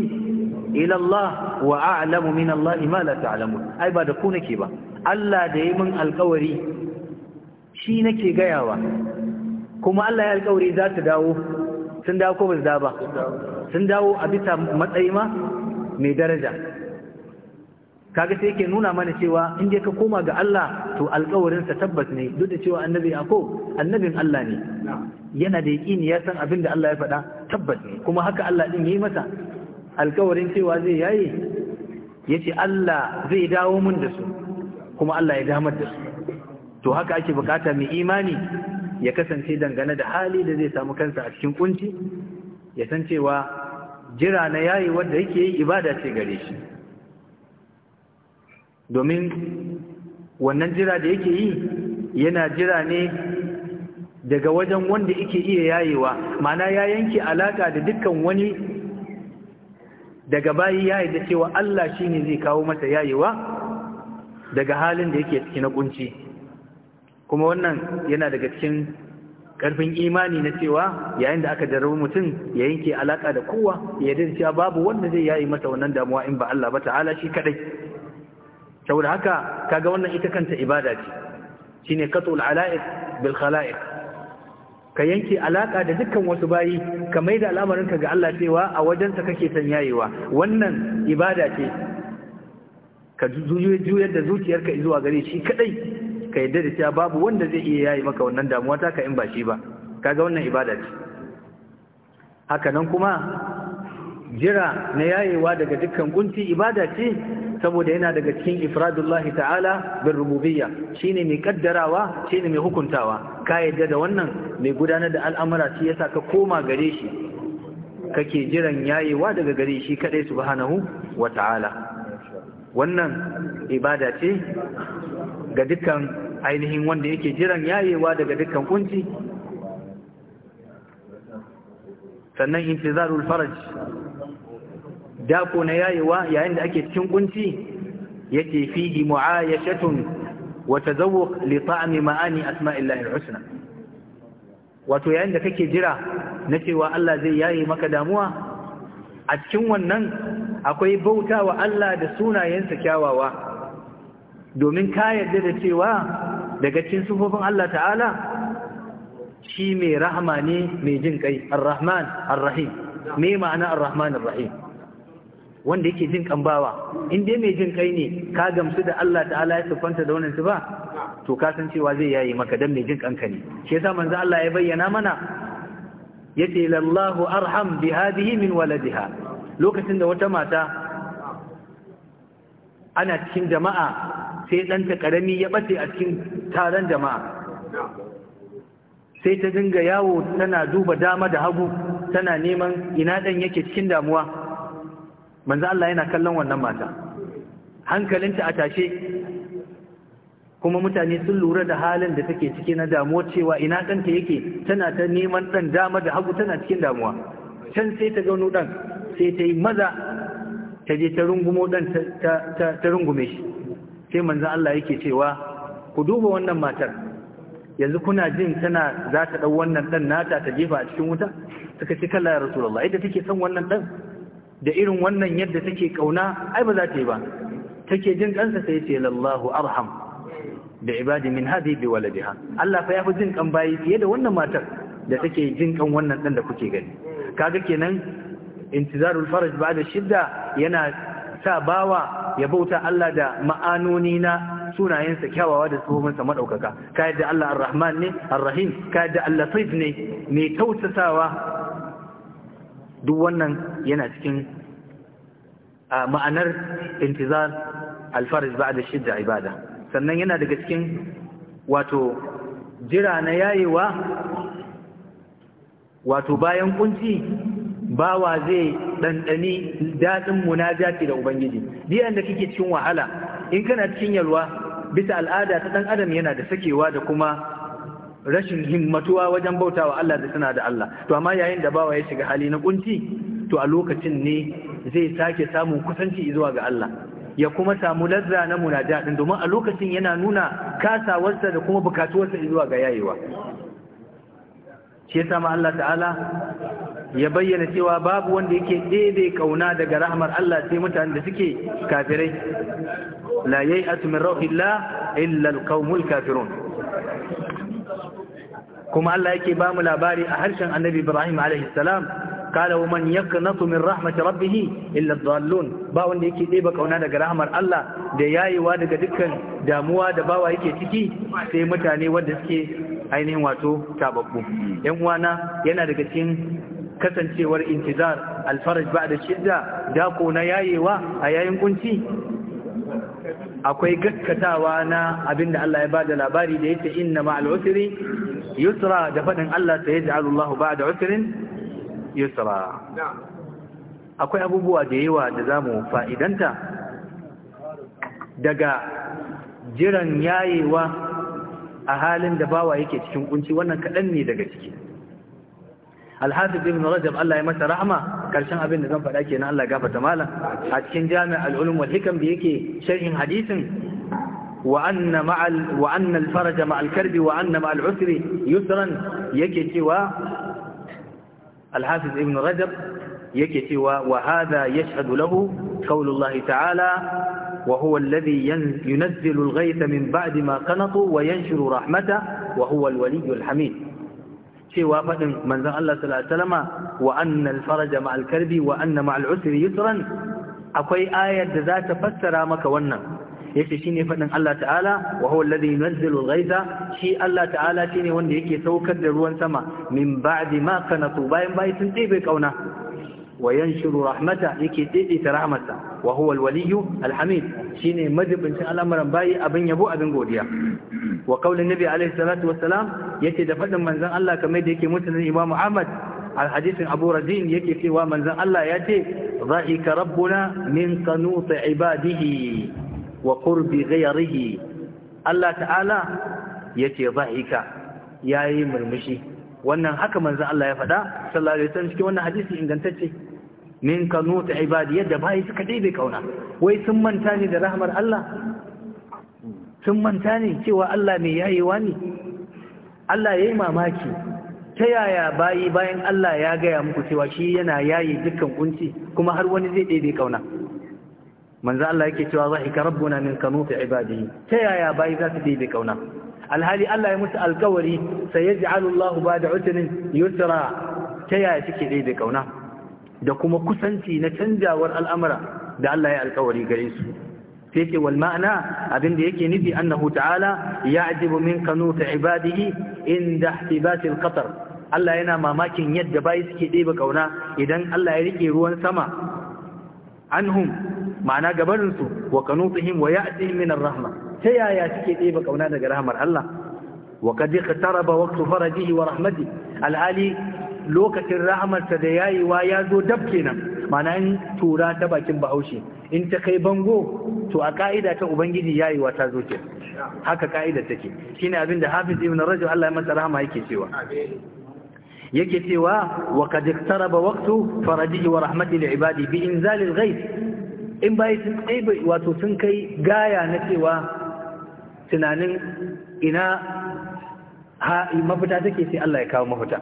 ila Allah wa a'lamu min Allah ma la ta'lamu ai ba da ku nake ba Allah da yayi min alƙawari shi nake gayawa kuma Allah ya alƙawari za ta dawo sun dawo ko ba su ba sun dawo a bisa matsayi ma mai daraja kaga sai yake nuna mana cewa in dai ka koma ga Allah to alƙawarinsa tabbas ne duk da cewa annabi Yaqub annabin Allah ne yana da yaƙini ya san abin da Allah ya faɗa tabbas ne kuma haka Allah din yi masa alƙawarin cewa zai yayi yace Allah zai dawo mun da su kuma Allah ya damar da su to haka ake bukata mai imani ya kasance dangane da hali da zai samu kansa a cikin kunci ya san cewa jira na yayi wanda yake yi ibada ce gare shi domin wannan jira da yake yi yana jira ne daga wajen wanda yake iya yayewa ma'ana ya yanke alaka da dukkan wani daga bayi ya yi da cewa Allah shi ne zai kawo mata yayewa daga halin da yake ciki na kunci kuma wannan yana daga cikin karfin imani na cewa yayin da aka jarabi mutum ya yanke alaka da kowa ya dace babu wanda zai yayi mata wannan damuwa in ba Allah ba ta'ala shi kadai saboda haka kaga wannan ita kanta ibada ce shine katul ala'iq bil khala'iq ka yanke alaka da dukkan wasu bayi ka maida al'amarinka ga Allah cewa a wajensa kake yayewa. wannan ibada ce ka juyar da zuciyarka zuwa gare shi kadai ka yadda da cewa babu wanda zai iya yayi maka wannan damuwa ta ka in ba shi ba kaga wannan ibada ce haka nan kuma jira na yayewa daga dukkan kunci ibada ce saboda yana daga cikin ifradullahi ta'ala bin rububiyya shine mai kaddarawa shine mai hukuntawa ka yadda da wannan mai gudanar da al'amura shi yasa ka koma gare shi kake jiran yayewa daga gare shi kadai subhanahu wa ta'ala wannan ibada ce ga dukkan ainihin wanda yake jiran yayewa daga dukkan kunci sannan intizarul faraj dako na yayewa yayin da ake cikin kunci yake fihi mu'ayashatun wa tazawwuq li ta'mi ma'ani asma'illahi al-husna wato yayin da kake jira na cewa Allah zai yaye maka damuwa a cikin wannan akwai bauta wa Allah da sunayensa kyawawa domin ka yarda da cewa daga cikin sufofin Allah ta'ala shi mai rahama ne mai jin kai ar-rahman ar-rahim me ma'ana ar-rahman ar-rahim wanda yake jin kambawa, in dai mai jin kai ne ka gamsu da Allah ta'ala ya sufanta da wannan ba? to ka san cewa zai yayi maka dan mai jin kanka ne shi yasa manzo Allah ya bayyana mana yace lallahu arham bi hadhihi min waladiha lokacin da wata mata ana cikin jama'a sai ɗanta karami ya bace a cikin taron jama'a sai ta dinga yawo tana duba dama da hagu tana neman ina dan yake cikin damuwa manzo Allah yana kallon wannan mata hankalinta a tashe kuma mutane sun lura da halin da take ciki na damuwa cewa ina danta yake tana ta neman dan dama da hagu tana cikin damuwa can sai ta gano dan? sai ta yi maza ta je ta rungumo dan ta rungume shi sai manzo Allah yake cewa ku duba wannan matar yanzu kuna jin tana za ta dau wannan dan nata ta jefa a cikin wuta suka ce kallon ya rasulallah ita take son wannan dan? da irin wannan yadda take kauna ai ba za ta yi ba take jin kansa sai ce lallahu arham da ibadi min hadi bi waladiha Allah fa yafi jin kan bayi fiye da wannan matar da take jin kan wannan dan da kuke gani kaga kenan intizarul faraj ba'da shidda yana sa bawa ya bauta Allah da ma'anoni na sunayensa kyawawa da tsohonsa madaukaka ka yadda Allah ar-rahman ne ar ka yadda Allah tayyib ne mai tausasawa duk wannan yana cikin ma'anar intizar alfarij ba da shidda ibada sannan yana daga cikin wato jira na yayewa wato bayan kunci bawa zai ɗanɗani daɗin munajati da ubangiji Biyan da kike cikin wahala in kana cikin yalwa bisa al'ada ta ɗan adam yana da sakewa da kuma rashin himmatuwa wajen bautawa Allah da suna da Allah to amma yayin da bawa ya shiga hali na kunci to a lokacin ne zai sake samun kusanci zuwa ga Allah ya kuma samu lazza na munaja din domin a lokacin yana nuna kasawarsa da kuma bukatuwarsa zuwa ga yayewa shi yasa ma Allah ta'ala ya bayyana cewa babu wanda yake dede kauna daga rahmar Allah sai mutanen da suke kafirai la yai'atu min rauhillah illa alqawmul kafirun kuma Allah yake ba mu labari a harshen annabi Ibrahim alaihi salam kala wa man yaqnatu min rahmati rabbih illa dhallun ba wanda yake deba kauna daga rahmar Allah da yayewa daga dukkan damuwa da bawa yake ciki sai mutane wanda suke ainihin wato tababbu yan uwana yana daga cikin kasancewar intizar alfaraj da shidda dako na yayewa a yayin kunci akwai gaskatawa na abinda Allah ya bada labari da yake inna ma'al usri yusra da faɗin Allah ta da alullahu ba da usirin yusra akwai abubuwa da yawa da zamu fa'idanta daga jiran yayewa a halin da bawa yake cikin kunci wannan kaɗan ne daga ciki alhafiz ibn rajab Allah ya masa rahma karshen abin da zan faɗa kenan Allah gafarta malam a cikin jami'ar al-ulum wal hikam da yake sharhin hadisin وأن, مع ال... وأن الفرج مع الكرب وأن مع العسر يسرا يكي سوى الحافظ ابن رجب يكي سوى وهذا يشهد له قول الله تعالى وهو الذي ينزل الغيث من بعد ما قنطوا وينشر رحمته وهو الولي الحميد سوى فإن من ذا الله صلى الله عليه وسلم وأن الفرج مع الكرب وأن مع العسر يسرا أقوي آية ذات فسر مكونا yace shine fadin Allah ta'ala wa huwa alladhi yunzilu al-ghaytha shi Allah ta'ala shine wanda yake saukar da ruwan sama min ba'di ma kanatu bayan bai sun bai kauna wa yanshuru rahmata yake daidaita rahmata wa huwa al-waliyyu al-hamid shine majibincin al'amuran bayi abin yabo abin godiya wa qaulin nabi alaihi salatu yace da fadin manzon Allah kamar da yake mutanen Imam Ahmad الحديث أبو رزين يكفي ومن ذا الله يأتي ضحك ربنا من قنوط عباده wa qurbi ghayrihi Allah ta'ala ya ce yace ya yi murmushi wannan haka manzon Allah ya faɗa sallallahu alaihi cikin wannan hadisi ingantacce min kanu ta ibadi yadda bai suka dai bai kauna wai sun manta ne da rahmar Allah sun manta ne cewa Allah mai yayewa ne Allah ya yi mamaki ta yaya bayi bayan Allah ya gaya muku cewa shi yana yaye dukkan kunci kuma har wani zai dai bai kauna manzo Allah yake cewa zahika rabbuna min kanuti ibadihi ta yaya bai za su bi kauna alhali Allah ya musu alkawari sayaj'alu Allahu ba'da utrin yusra ta yaya suke bi kauna da kuma kusanci na canjawar al'amara. da Allah ya alkawari gare su sai wal ma'ana abin da yake nufi annahu ta'ala ya'jibu min kanuti ibadihi inda ihtibati al Allah yana mamakin yadda bai suke ɗebe kauna idan Allah ya rike ruwan sama anhum ma'ana gabarinsu, su wa kanutihim wa ya'tihim min ar-rahma ta yaya suke ɗeba kauna daga rahmar Allah wa qad iqtaraba waqtu farajihi wa rahmatihi al'ali lokacin rahmarsa da yayiwa ya zo dab kenan ma'ana in tura ta bakin bahaushe in ta kai bango to a ka'ida ta ubangiji yayiwa ta zo ke haka ka'ida take shine abin da Hafiz Ibn Rajab Allah ya masa rahama yake cewa yake cewa wa qad iqtaraba waqtu farajihi wa rahmatihi li ibadi bi inzalil ghayth in bayi sun ɗaiba wato sun kai gaya na cewa tunanin ina ha mafita take sai Allah ya kawo mafita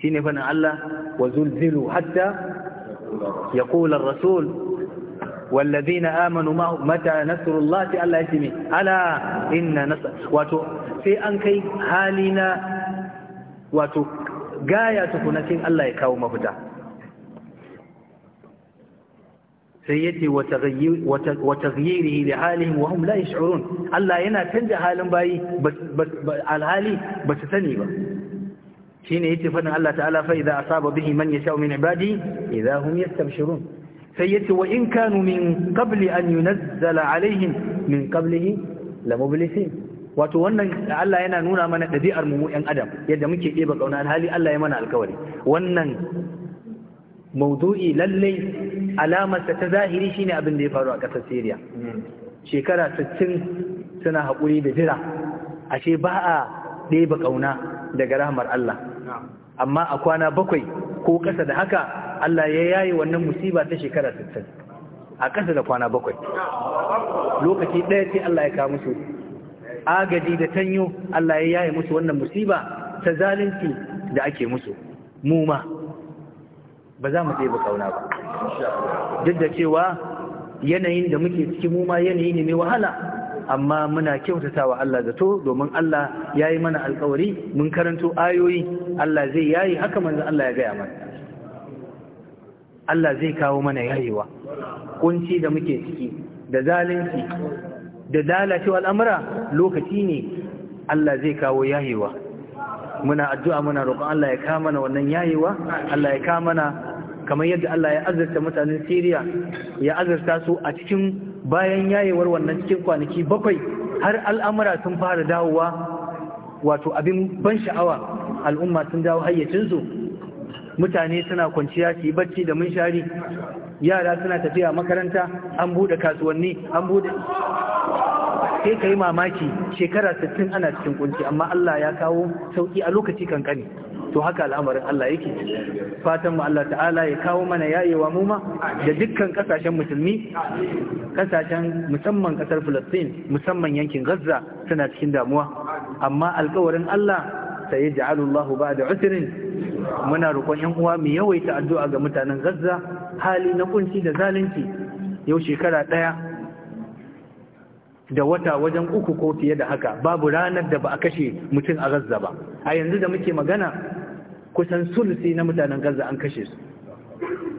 shi ne fanin Allah wa zulzilu hatta ya ƙular rasul والذين آمنوا معه متى نصر الله تعالى يسمي ألا إن نصر واتو في أنكي حالنا واتو غاية Allah ya kawo mafita. sai yace wa taghyirihi li halihim wa hum la yash'urun Allah yana canja halin bayi alhali ba su sani ba shine yace fadin Allah ta'ala fa idza asaba bihi man yasha'u min ibadi idza hum yastabshirun sai wa in kanu min qabli an yunzala alaihim min qablihi lamublisin wato wannan Allah yana nuna mana dabi'ar mu ɗan adam yadda muke ɗeba kauna alhali Allah ya mana alkawari wannan mawdu'i lallai alamarsa ta zahiri shine abin da ya faru a ƙasar Syria hmm. shekara 60 suna haƙuri da jira ashe ba a ɗeba ƙauna daga rahmar Allah amma a kwana bakwai ko ƙasa da haka Allah ya yaye wannan musiba ta shekara 60 a ƙasa da kwana bakwai lokaci ɗaya sai Allah ya kawo musu agaji da tanyo Allah ya yaye musu wannan musiba ta zalunci da ake musu mu ma ba za mu ba kauna ba duk da cewa yanayin da muke ciki mu ma yanayi ne mai wahala amma muna kyautata wa Allah zato domin Allah ya yi mana alkawari mun karanto ayoyi Allah zai yayi haka manzo Allah ya gaya mana Allah zai kawo mana yayewa kunci da muke ciki da zalunci da lalacewa al'amura lokaci ne Allah zai kawo yayewa muna addu'a muna roƙon Allah ya kawo mana wannan yayewa Allah ya kawo mana kamar yadda Allah ya azurta mutanen Siriya, ya azurta su a cikin bayan yayewar wannan cikin kwanaki bakwai har al'amura sun fara dawowa wato abin ban sha'awa al'umma sun dawo hayyacinsu mutane suna kwanciya su yi bacci da munshari yara suna tafiya makaranta an bude kasuwanni an bude sai ka yi mamaki shekara 60 ana cikin kunci amma Allah ya kawo sauki a lokaci kankani to haka al'amarin Allah yake fatan mu Allah ta'ala ya kawo mana yayewa mu ma da dukkan kasashen musulmi kasashen musamman kasar Palestine musamman yankin Gaza suna cikin damuwa amma alƙawarin Allah sai ya ja'alu Allah ba'da usrin muna roƙon ƴan uwa mu yawaita addu'a ga mutanen Gaza hali na kunci da zalunci yau shekara ɗaya da wata wajen uku ko fiye da haka babu ranar da ba a kashe mutum a gazza ba a yanzu da muke magana kusan sulusi na mutanen gaza an kashe su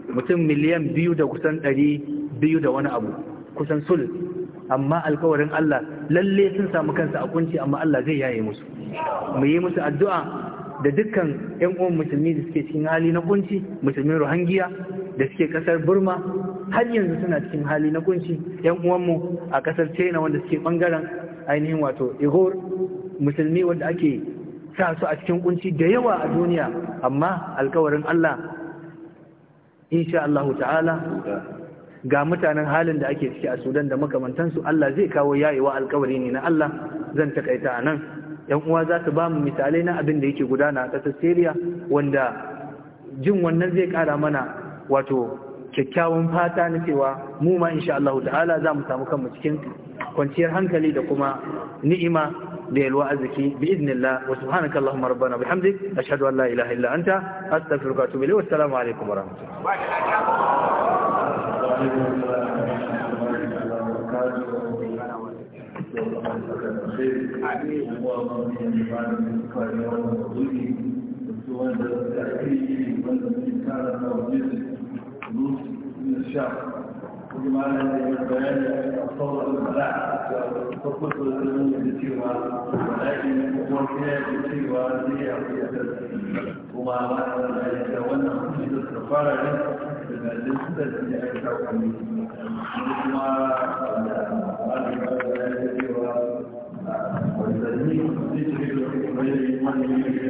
mutum miliyan biyu da kusan ɗari biyu da wani abu kusan sulusi amma alkawarin Allah lalle sun samu kansa a kunci amma Allah zai yaye musu mu yi musu addu'a da dukkan yanuwan uwan musulmi da suke cikin hali na kunci musulmin ruhangiya da suke kasar Burma har yanzu suna cikin hali na kunci 'yan uwanmu a kasar China wanda suke bangaren ainihin wato Igor musulmi wanda ake sa su a cikin kunci da yawa a duniya amma alkawarin Allah insha Allah ta'ala ga mutanen halin da ake ciki a Sudan da makamantansu Allah zai kawo yayewa alkawari ne na Allah zan takaita a nan yan uwa za su ba mu misalai na abin da yake gudana a ƙasar Syria wanda jin wannan zai ƙara mana wato kyakkyawan fata na cewa mu ma insha Allah ta'ala za mu samu kanmu cikin kwanciyar hankali da kuma ni'ima للوأزك بإذن الله وسبحانك اللهم ربنا وبحمدك أشهد أن لا إله إلا أنت أستغفرك وأتوب إليه والسلام عليكم ورحمة الله بما يبين الصوت الملاعب والقصة الأمنية بسيوة ولكن هو الحياة بسيوة هي عقيدة وما معنى ذلك وأن عقيدة الخارج بما ليس في أي حكم ثم والذين يجري في غير من يجري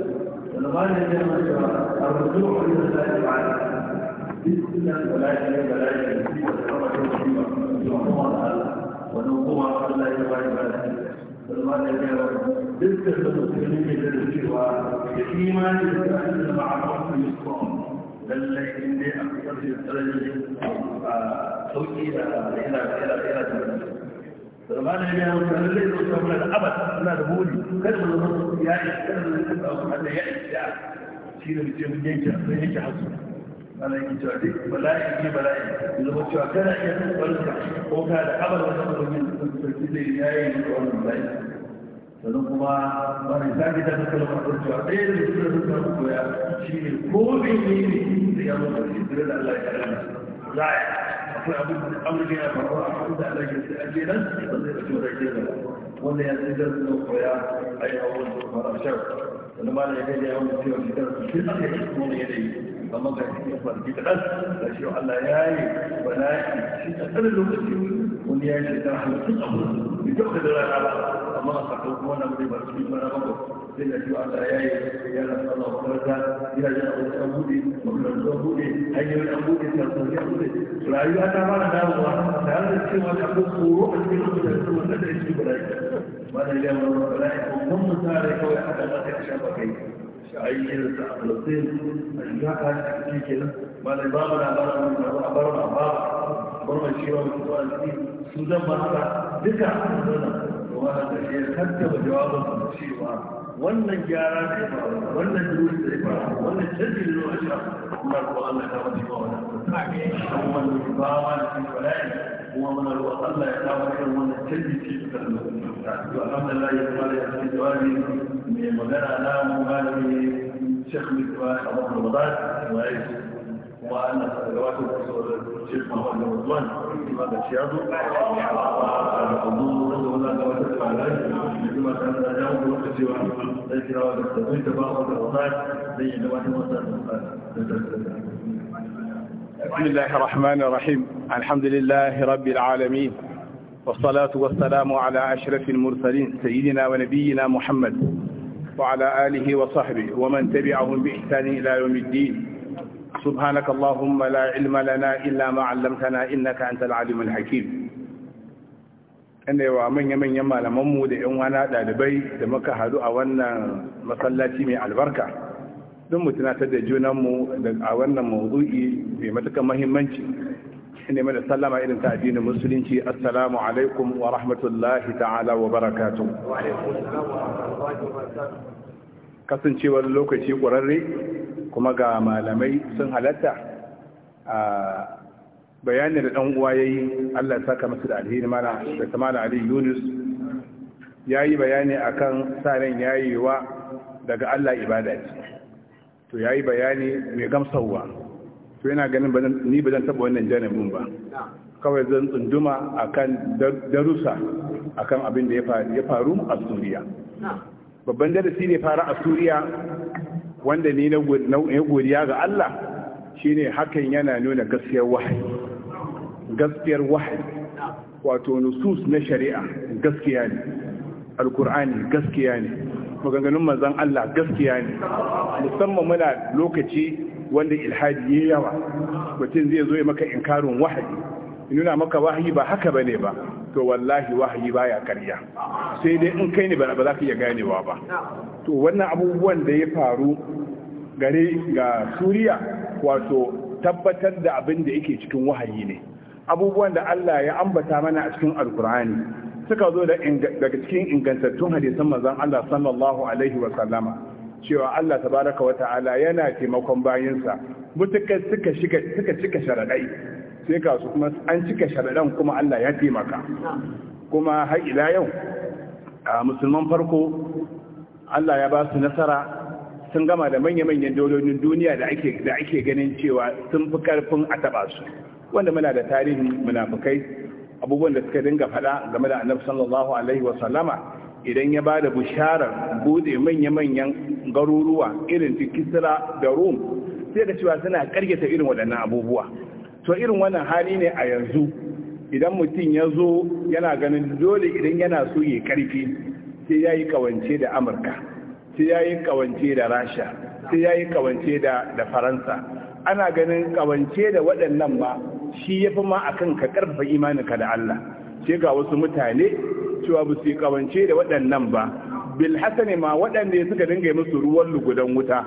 قال يا مصر الرجوع الى الله تعالى بسم الله ولا شيء ولا شيء ونقوم على الله تعالى سلمان يا رب ذكر المسلمين بالسوى يتيما يتأمل مع الرب يسكن لله إني أكثر في الدرجة توكيل إلى إلى إلى إلى sulaiman ya gaya masa lallai zai zo mana da abad suna da buri kada su zo ya yi su zo da abu Allah ya iya shi da mutum mun yanke sai yake hasu ana yin cewa duk bala'i ne bala'i da zama cewa kana iya san ko ka da abad wanda ka zo yin sarki zai yi da wannan bala'i sannan kuma ba ne ta gida da kalmar cewa ɗaya da mutum da suka koya shi ne ko bai ne ya mutu da Allah ya karanta za a yi akwai abin da amurka ya faruwa a kan da ana gasi a kenan ba zai fito da ke ba wanda ya sai zai zo koya a yi hawan da fara shan wani ma da ya gaji hawan cewa shi kan su sun aka kuma ya dai amma ga shi ya fara kita ɗan da shi Allah ya yi ba na yi shi a kan lokaci wani ya yi shekara hamsin abu bai taɓa da rana amma a sakamakon wani abu ne ba su yi mana ba sai na ji Allah ya yi sai ya rasa Allah makaranta gidajen abinci an buɗe makarantu an buɗe hanyoyin an buɗe sauri a buɗe rayuwa ta fara dawowa tare da cewa ta ko tsoro a cikin lokacin da kuma da shi ba da ita ba da ya wani bala'i ko mun mutare kawai aka ba ta shafa kai ayyukan sa a Palestine a shiga ka a cikin kenan ba da ba mu ba wani abu ba bar ma ba bar ma cewa mutum a cikin Sudan ba duka a Sudan to wannan da shi ya kaddaba jawabin cewa wannan gyara da ya faru wannan duri da ya faru wannan canji da zuwa sha kuma ko Allah ya wani ba wani kuma wani ba wani cikin bala'i kuma muna ruwa Allah ya kawo irin wannan canji ce da to alhamdulillah ya fara ya cikin jawabi mai magana na mu malami Sheikh Mikwa Abu Ramadan wa ya وأن الأدوات الشيخ محمد رضوان في هذا الشعب والحضور هناك ما تدفع عليه لما كان تجاوز وقت سواه لكن لو تستطيع تفاوض الأوضاع زي الأدوات بسم الله الرحمن الرحيم الحمد لله رب العالمين والصلاة والسلام على أشرف المرسلين سيدنا ونبينا محمد وعلى آله وصحبه ومن تبعهم بإحسان إلى يوم الدين سبحانك اللهم لا علم لنا إلا ما علمتنا إنك أنت العليم الحكيم inda yawa manya-manyan malamanmu da 'yan wana ɗalibai da muka haɗu a wannan masallaci mai albarka don mu tunatar da junanmu a wannan mawudu'i mai matukan mahimmanci ne mana sallama irin ta addinin musulunci assalamu alaikum wa rahmatullahi ta'ala wa barakatu. kasancewar lokaci ƙwararre kuma ga malamai sun halatta a bayani da ɗan uwa ya yi allah ya saka masu da alheri mana da samana ali yunus ya yi bayani a kan tsarin yayewa daga allah ibada ce to ya yi bayani mai gamsarwa to yana ganin ni ba zan taɓa wannan janabin ba kawai zan tsunduma a darusa darussa kan abin da ya faru a suriya babban darasi ne fara a suriya wanda ni na godiya ga Allah shine hakan yana nuna gaskiyar wahayi gaskiyar wahayi wato nusus na shari'a gaskiya ne alkur'ani gaskiya ne maganganun manzon Allah gaskiya ne musamman muna lokaci wanda ilhadi yayi yawa mutum zai zo ya maka inkarin wahayi nuna maka wahayi ba haka bane ba to wallahi wahayi baya karya sai dai in kai ne ba za ka iya ganewa ba to wannan abubuwan da ya faru gare ga suriya wato tabbatar da abin da yake cikin wahayi ne abubuwan da Allah ya ambata mana a cikin alkur'ani suka zo daga cikin ingantattun hadisan manzon Allah sallallahu alaihi wa sallama cewa Allah tabaraka wa ta'ala yana taimakon bayinsa mutukar suka shiga suka cika sharadai sai ka su kuma an cika sharaɗan kuma Allah ya taimaka kuma har ila yau a musulman farko Allah ya ba su nasara sun gama da manya-manyan dolonin duniya da ake ganin cewa sun fi karfin a taba su wanda muna da tarihin munafukai abubuwan da suka dinga faɗa game da annabi sallallahu alaihi wa sallama idan ya ba da bisharar bude manya-manyan garuruwa irin su da Rum sai da cewa suna karyata irin waɗannan abubuwa to irin wannan hali ne a yanzu idan mutum ya zo yana ganin dole idan yana so ya karfi sai ya yi kawance da amurka sai ya yi kawance da rasha sai ya yi kawance da faransa ana ganin kawance da waɗannan ma shi ya fi ma a kan ka ƙarfa imaninka da allah ce ga wasu mutane cewa ba su yi kawance da waɗannan ba bilhassani ma waɗanda suka dinga yi musu ruwan lugudan wuta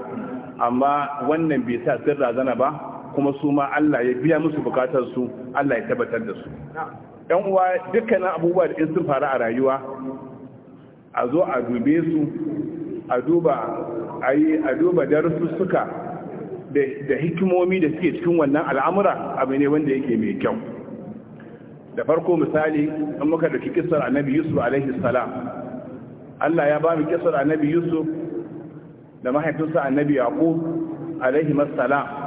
amma wannan bai sa sun razana ba kuma su ma Allah ya biya musu bukatar su Allah ya tabbatar da su yan uwa dukkanin abubuwa da in sun faru a rayuwa a zo a dube su a duba ayi a duba darussuka da hikimomi da suke cikin wannan al'amura abu ne wanda yake mai kyau da farko misali an muka dauki kissar annabi yusuf alaihi salam Allah ya ba mu kissar annabi yusuf da mahaifinsa annabi yaqub alaihi salam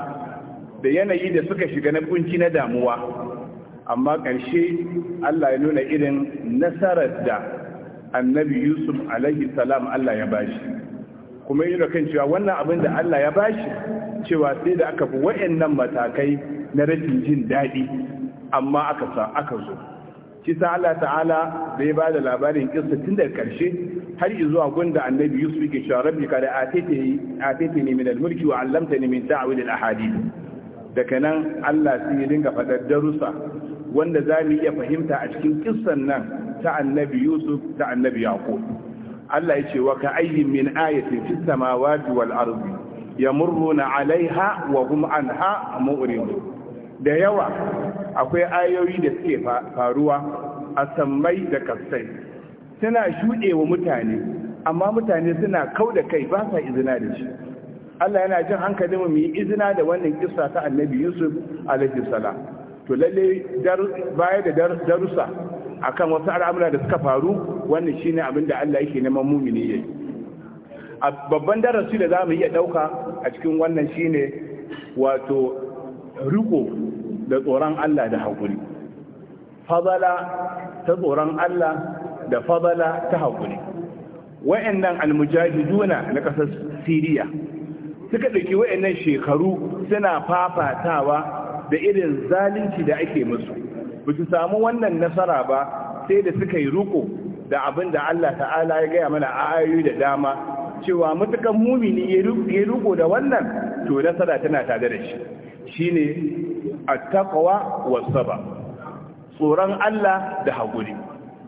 da yanayi da suka shiga na kunci na damuwa amma ƙarshe Allah ya nuna irin nasarar da annabi yusuf alaihi salam Allah ya bashi kuma yi kan cewa wannan abin da Allah ya bashi cewa sai da aka fi wa'annan matakai na rashin jin daɗi amma aka sa aka zo shi sa Allah ta'ala bai ba da labarin kissa tun daga ƙarshe har zuwa gunda annabi yusuf ke cewa rabbi da atete atete ne min al-mulki wa 'allamtani min ta'wil al-ahadith daga nan Allah sai ya dinga faɗar darussa wanda za mu iya fahimta a cikin kissan nan ta annabi Yusuf ta annabi Yaqub Allah ya ce wa ka ayyin min ayatin fis samawati wal ardi yamurruna alaiha wa hum anha mu'ridun da yawa akwai ayoyi da suke faruwa a sammai da kasai suna shuɗe wa mutane amma mutane suna kau da kai ba sa izina da shi Allah yana jin hankalin mu yi izina da wannan kissa ta Annabi Yusuf alaihi salam to lalle baya da darusa akan wasu al'amura da suka faru wannan shine abin da Allah yake neman mumini yayi babban darasi da zamu iya ɗauka a cikin wannan shine wato riko da tsoron Allah da hakuri fadala ta tsoron Allah da fadala ta hakuri wa'annan almujahiduna na kasar Siriya suka ɗauki wayannan shekaru suna fafatawa da irin zalunci da ake musu ba su samu wannan nasara ba sai da suka yi ruko da abin da Allah ta'ala ya gaya mana a ayoyi da dama cewa matukan mumini ya ruko da wannan to nasara tana tare da shi shine a takawa wasu ba tsoron Allah da haƙuri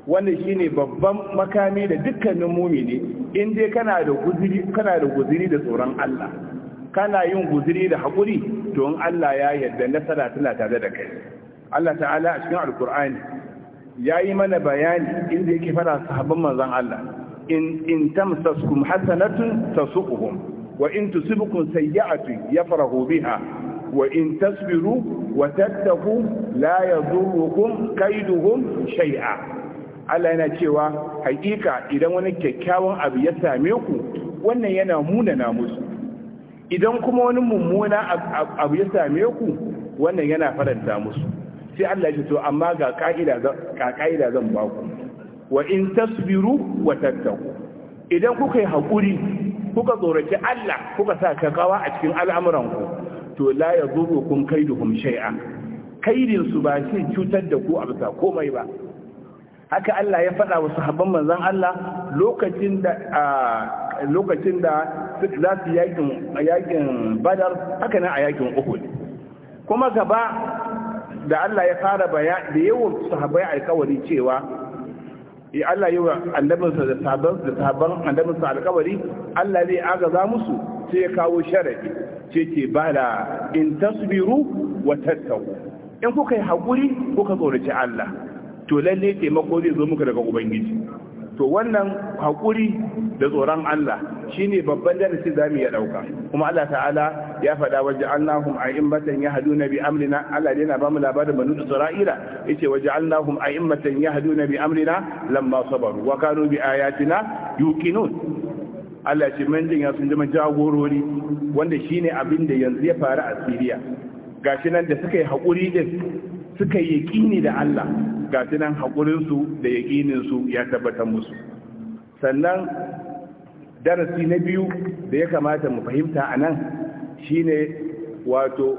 wannan shine babban makami da dukkanin mumini in dai kana da guziri kana da guziri da tsoron Allah kana yin guziri da haƙuri to in Allah ya yarda nasara tana tare da kai Allah ta'ala a cikin alkur'ani yayi mana bayani inda yake fara sahabban manzon Allah in in tamsaskum hasanatun tasuquhum wa in tusibukum sayyi'atun yafrahu biha wa in tasbiru wa tattaqu la yadurrukum kaiduhum shay'a Allah yana cewa hakika idan wani kyakkyawan abu ya same ku wannan yana munana musu idan kuma wani mummuna abu ya same ku wannan yana faranta musu sai Allah ya ce to amma ga ka'ida ga ka'ida zan ba ku wa in tasbiru wa tattaku idan kuka yi hakuri kuka tsoraki Allah kuka sa takawa a cikin al'amuranku to la yazurukum kaiduhum shay'a kaidin su ba shi cutar da ku a bisa komai ba haka Allah ya faɗa wa sahabban manzan Allah lokacin da lokacin za su yakin yakin Badar haka nan a yakin Uhud kuma gaba da Allah ya fara baya da yawan sahabbai alƙawari cewa ya Allah yi wa annabinsa da sahabban da annabinsa alƙawari Allah zai agaza musu sai ya kawo sharadi ce ke bala in tasbiru wa tattaku in kuka yi haƙuri kuka tsoraci Allah to lalle taimako zai zo muka daga ubangiji to wannan hakuri da tsoron Allah shine babban darasi zamu iya dauka kuma Allah ta'ala ya faɗa waje Allahum a'immatan yahduna bi amrina Allah yana ba mu labarin banu Isra'ila yace waje Allahum a'immatan yahduna bi amrina lamma sabaru wa kanu bi ayatina yuqinun Allah ce manjin ya sun zama jagorori wanda shine abin da yanzu ya faru a Ga gashi nan da suka yi hakuri din suka yi yaƙini da Allah ga nan haƙurinsu da yaƙininsu ya tabbatar musu sannan darasi na biyu da ya kamata mu fahimta a nan shi ne wato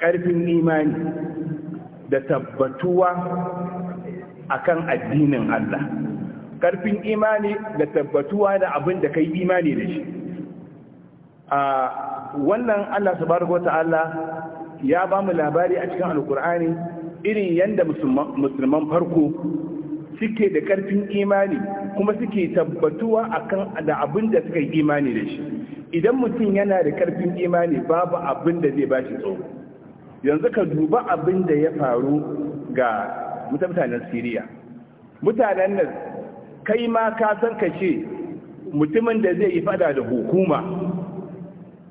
ƙarfin imani da tabbatuwa akan addinin Allah ƙarfin imani da tabbatuwa da abin da kai imani da shi a wannan Allah subhanahu wata'ala ya ba mu labari a cikin alkur'ani irin yadda musulman farko suke da ƙarfin imani kuma suke tabbatuwa akan da abin da suka yi imani da shi idan mutum yana da ƙarfin imani babu abin da zai ba shi tsoro yanzu ka duba abin da ya faru ga mutanen siriya mutanen nan kai ma ka san ka ce mutumin da zai yi fada da hukuma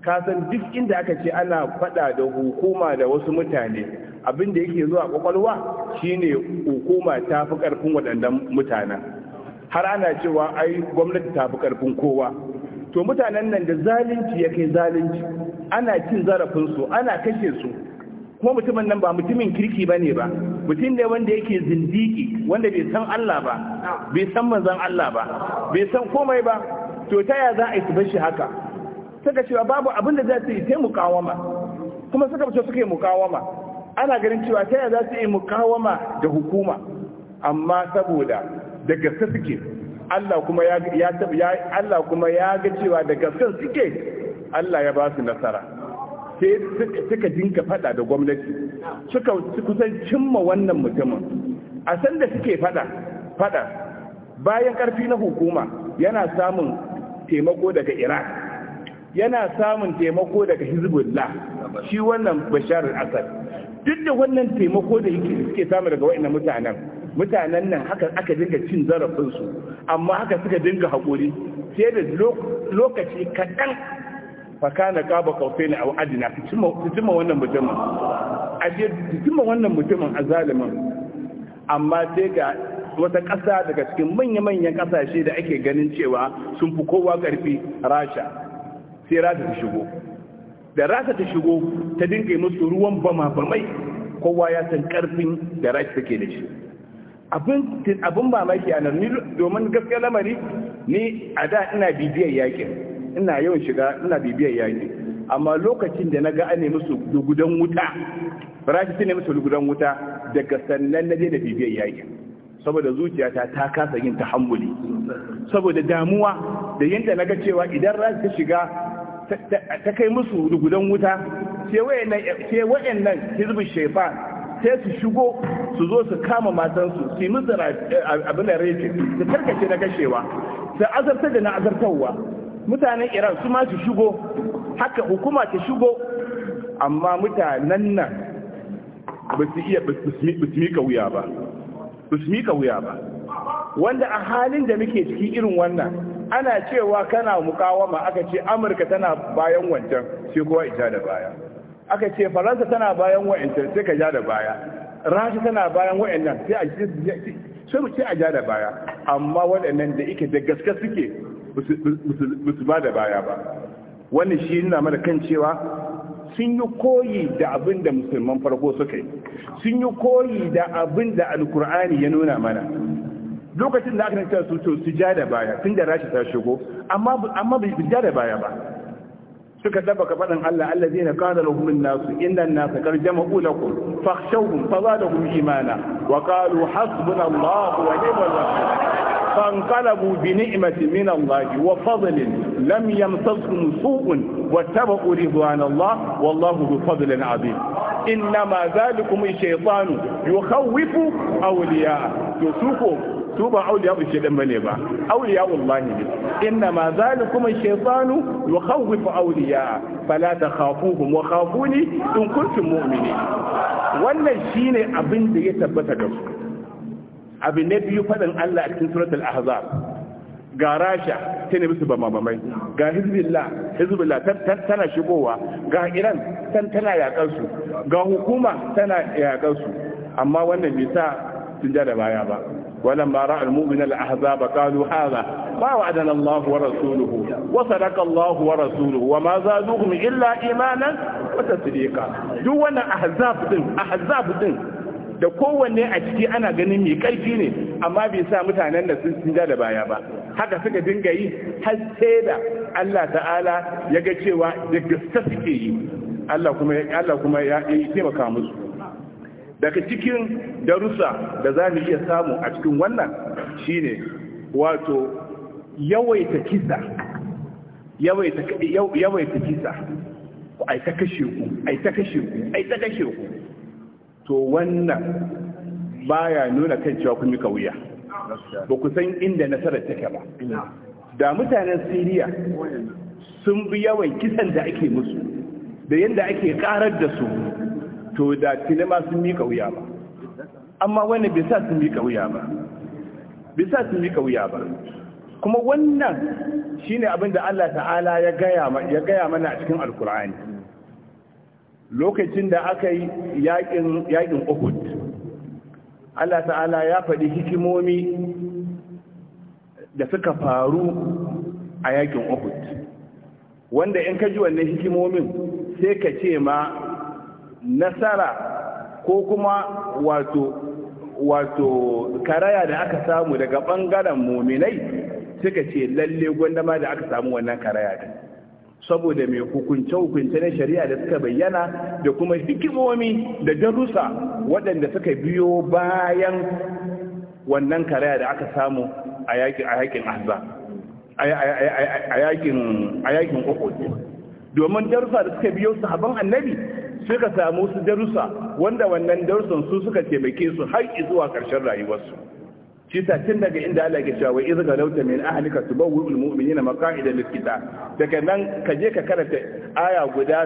ka san duk inda aka ce ana fada da hukuma da wasu mutane abin da yake zuwa kwakwalwa shine hukuma ta fi karfin waɗannan mutanen har ana cewa ai gwamnati ta fi karfin kowa to mutanen nan da zalunci ya kai zalunci ana cin zarafin su, ana kashe su kuma mutumin nan ba mutumin kirki ba ne ba mutum ne wanda yake zindiki wanda bai san Allah ba bai san manzan Allah ba bai san komai ba to ta yaya za a yi su bashi haka suka cewa babu abin da za su yi sai ma kuma suka fito suka yi mukawama ana ganin cewa ta yaya za su yi mukawama da hukuma amma saboda da gaske suke Allah kuma ya Allah kuma ya ga cewa da gaske suke Allah ya ba su nasara sai suka dinka fada da gwamnati suka kusan cimma wannan mutumin a san da suke fada fada bayan karfi na hukuma yana samun taimako daga Iraq yana samun taimako daga Hezbollah shi wannan Bashar al-Assad duk da wannan taimako da yake suke samu daga wayannan mutanen mutanen nan haka aka dinga cin zarafin su amma haka suka dinga haƙuri sai da lokaci kaɗan fakana kaba kaufe a adina su fitima wannan mutumin su fitima wannan mutumin a zalimin amma sai ga wata ƙasa daga cikin manya-manyan ƙasashe da ake ganin cewa sun fi kowa ƙarfi rasha sai rasha ta shigo da rasa ta shigo ta dinga yi musu ruwan bama bamai kowa ya san karfin da rasa take da shi abin ba maki a nan domin gaskiya lamari ni a da ina bibiyar yakin ina yawan shiga ina bibiyar yakin amma lokacin da na ga an musu lugudan wuta rashi ne musu lugudan wuta daga sannan na je da bibiyar yakin saboda zuciyata ta kasa yin tahammuli saboda damuwa da yadda na ga cewa idan rashi ta shiga ta kai musu rugudan wuta sai wayannan hizbin shaifa sai su shigo su zo su kama matansu su yi musu abin da su karkace na kashewa su azartar da na azartarwa mutanen iran su ma su shigo haka hukuma ta shigo amma mutanen nan ba su iya bismika wuya ba wanda a halin da muke ciki irin wannan ana cewa kana mukawama aka ce amurka tana bayan wancan sai kowa ija da baya aka ce faransa tana bayan wancan sai ka ja da baya rasha tana bayan wancan sai a sai a ja da baya amma waɗannan da ike da gaske suke musu ba da baya ba Wani shi nuna mana kan cewa sun yi koyi da abin da musulman farko suka yi sun yi koyi da abin da alkur'ani ya nuna mana lokacin da aka nanta su to su ja da baya tun da rashi ta shigo amma amma bai ja da baya ba suka daba ka faɗin Allah allazina qala lahum an-nasu inna an-nasa qad jama'u lakum fakhshawhum fazadahum imana wa qalu hasbunallahu wa ni'mal wakeel فانقلبوا بنعمة من الله وفضل لم يمسسهم سوء واتبعوا رضوان الله والله ذو فضل عظيم إنما ذلكم الشيطان يخوف أولياء يسوكم su ba auliya shaytan bane ba auliya Allah ne inna ma zalikum ash-shaytanu yukhawwifu awliya fala takhafuhum wa khafuni in kuntum mu'minin wannan shine abin da ya tabbata da su abin na biyu faɗin Allah a cikin suratul ahzab ga rasha ta ne ba mamamai ga Hizbillah hezbollah tana shigowa ga iran tana yakarsu ga hukuma tana yakarsu amma wannan bai sa sun ja da baya ba ولما رأى المؤمن الأحزاب قالوا هذا ما وعدنا الله ورسوله وصدق الله ورسوله وما زادوهم إلا إيمانا وتصديقا دون أحزاب دين أحزاب دين da kowanne a ciki ana ganin mai ƙarfi ne amma bai sa mutanen da sun sinja da baya ba haka suka dinga yi har sai da Allah ta'ala ya ga cewa da gaske suke yi Allah kuma ya taimaka musu daga cikin darussa da za mu iya samu a cikin wannan shine wato yawaita kisa yawaita yawaita kisa ai ta kashe ku ai ta kashe ku ai ta kashe ku to wannan baya nuna kan cewa kun yi wuya ba ku san inda nasarar take ba da mutanen Siriya sun bi yawan kisan da ake musu da yanda ake karar da su to da tilema sun mika wuya ba amma wani bai sa sun mika wuya ba bai sa sun mika wuya ba kuma wannan shine abin da Allah ta'ala ya gaya mana a cikin alkur'ani lokacin da aka yi yakin uhud Allah ta'ala ya faɗi hikimomi da suka faru a yakin uhud wanda in ka ji wannan hikimomin sai ka ce ma nasara ko kuma wato wato karaya da aka samu daga bangaren muminai suka ce lalle gwandama da aka samu wannan karaya din saboda mai hukunce-hukunce na shari'a da suka bayyana da kuma hikimomi da darusa waɗanda suka biyo bayan wannan karaya da aka samu a yakin ahza a yakin uhud domin darussa da suka biyo sahabban annabi suka samu su darussa wanda wannan darussan su suka taimake su har zuwa ƙarshen rayuwarsu shi ta tun daga inda Allah ke cewa idza galauta min ahlika tubawwi'ul mu'minina maqa'ida lil-qital daga nan ka je ka karanta aya guda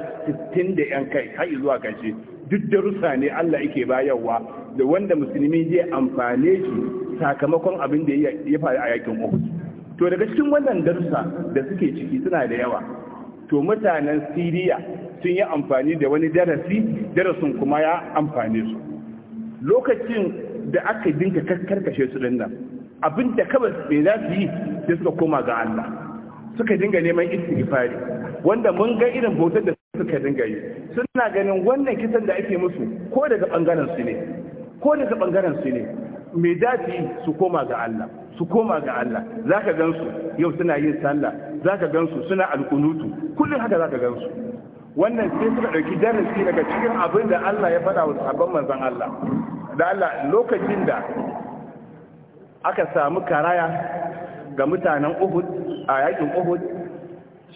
60 da yan kai har zuwa ƙarshe duk darussa ne Allah yake bayarwa da wanda musulmi zai amfane shi sakamakon abin da ya faru a yakin Uhud to daga cikin wannan darussa da suke ciki suna da yawa to mutanen Siriya sun yi amfani da wani darasi darasin kuma ya amfani su lokacin da aka dinka karkashe su din nan abin da kawai me za su yi sai suka koma ga Allah suka dinga neman istighfari wanda mun ga irin bautar da suka dinga yi suna ganin wannan kisan da ake musu ko daga bangaren su ne ko daga bangaren su ne me za su yi su koma ga Allah su koma ga Allah zaka gansu yau suna yin sallah zaka gansu suna alkunutu kullum haka zaka gansu wannan sai suka ɗauki darasi daga cikin abin da Allah ya faɗa wa sahabban manzan Allah da Allah lokacin da aka samu karaya ga mutanen Uhud a yakin Uhud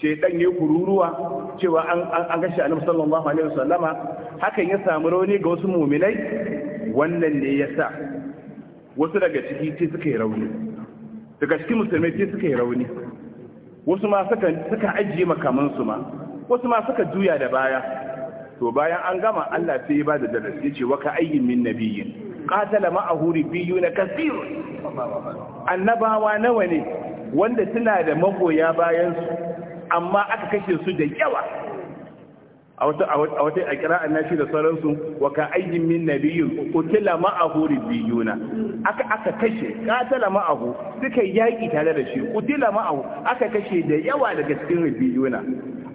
dan ya kururuwa cewa an an gashi Annabi sallallahu alaihi wasallama hakan ya samu rauni ga wasu mu'minai wannan ne yasa wasu daga ciki sai suka yi rauni daga cikin musulmai sai suka yi rauni wasu ma suka ajiye makamansu ma wasu ma suka juya da baya to bayan an gama Allah sai ba da darasi yace wa ka ayyin min nabiyin qatala ma'ahu ribiyuna kasir annabawa nawa ne wanda suna da magoya bayan su amma aka kashe su da yawa a wata a wata a kira nashi da sauransu wa ka ayyin min nabiyyin qutila ma'ahu ribiyuna aka aka kashe qatala ahu suka yaki tare da shi ma ahu aka kashe da yawa daga cikin biyuna.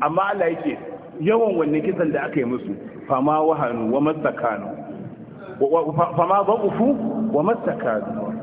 amma Allah yake yawan wannan kisan da aka yi musu fama wahanu wa mastakanu fama ufu wa mastakanu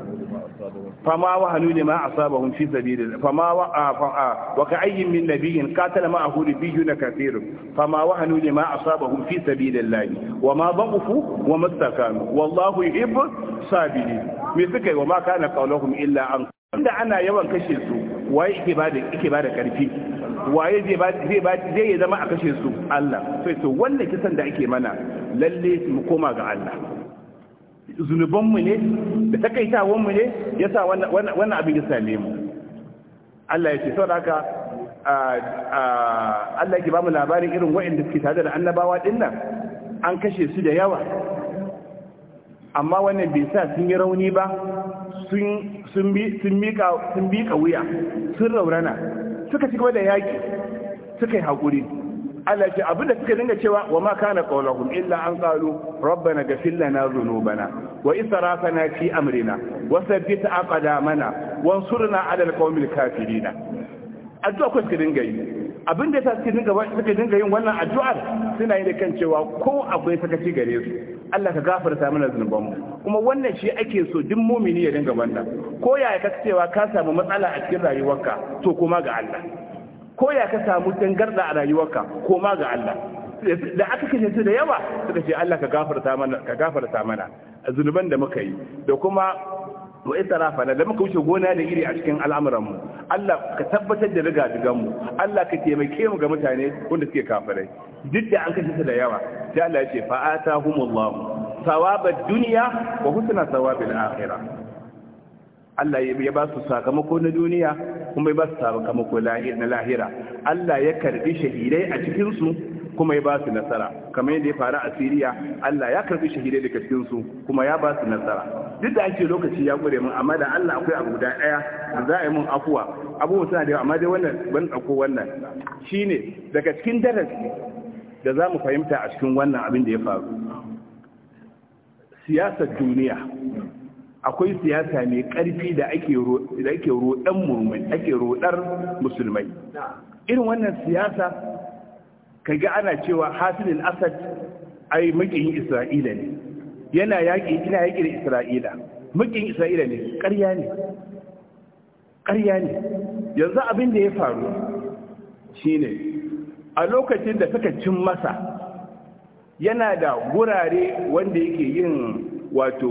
fama wahanu lima asabahum fi sabilillah fama wa a wa ka'ayyin min nabiyyin qatala ma'ahu nabiyyun kathirun fama wahanu lima asabahum fi sabilillah wa ma ufu wa mastakanu wallahu yuhibbu sabirin me suka yi wa ma kana qawluhum illa an da ana yawan kashe su waye yake bada yake bada karfi waye zai ba ya zama a kashe su Allah sai to wannan kisan da ake mana lalle mu koma ga Allah zunuban mu ne da takaitawanmu ne yasa wannan wannan abin ya same mu Allah ya ce saboda haka Allah ya ba mu labarin irin waɗanda suke tare da annabawa dinnan an kashe su da yawa amma wannan bai sa sun yi rauni ba sun miƙa wuya sun raurana suka ci gaba da yaki suka yi haƙuri Allah ce abinda suka dinga cewa wa ma kana qawluhum illa an qalu rabbana ghfir lana dhunubana wa israfana fi amrina wa thabbit aqdamana ansurna ala alqawmil kafirin addu'a ko suka dinga yi abinda suka dinga suka dinga yin wannan addu'ar suna yin da kan cewa ko akwai sakaci gare su Allah ka gafarta mana zunubanmu kuma wannan shi ake so duk mumini ya dinga wannan ko ya ka cewa ka samu matsala a cikin rayuwarka to koma ga Allah ko ya ka samu dangarda a rayuwarka koma ga Allah da aka kashe su da yawa suka ce Allah ka gafarta mana ka gafarta mana zunuban da muka yi da kuma wa itarafa da muka wuce gona da iri a cikin al'amuranmu Allah ka tabbatar da riga mu Allah ka taimake mu ga mutane wanda suke kafirai duk da an kashe su da yawa sai Allah ya ce fa'atahumullah sawabad dunya wa husna sawabil akhirah Allah ya ba su sakamako na duniya kuma ya ba su sakamako na lahira Allah ya karbi shahidai a cikin su kuma ya ba su nasara kamar yadda ya faru a Syria Allah ya karbi shahidai daga cikin su kuma ya ba su nasara duk da ake lokaci ya gure mun amma da Allah akwai abu guda daya za a yi mun afuwa abubuwa suna da amma dai wannan ban dauko wannan shine daga cikin darasi da za mu fahimta a cikin wannan abin da ya faru siyasar duniya akwai siyasa mai ƙarfi da ake roɗar murmai ake roɗar musulmai irin wannan siyasa ga ana cewa hasilin asad ai makiyin isra'ila ne yana yaƙi ina yaƙi da isra'ila makiyin isra'ila ne ƙarya ne ƙarya ne yanzu abin da ya faru shine a lokacin da suka cin masa yana da gurare wanda yake yin wato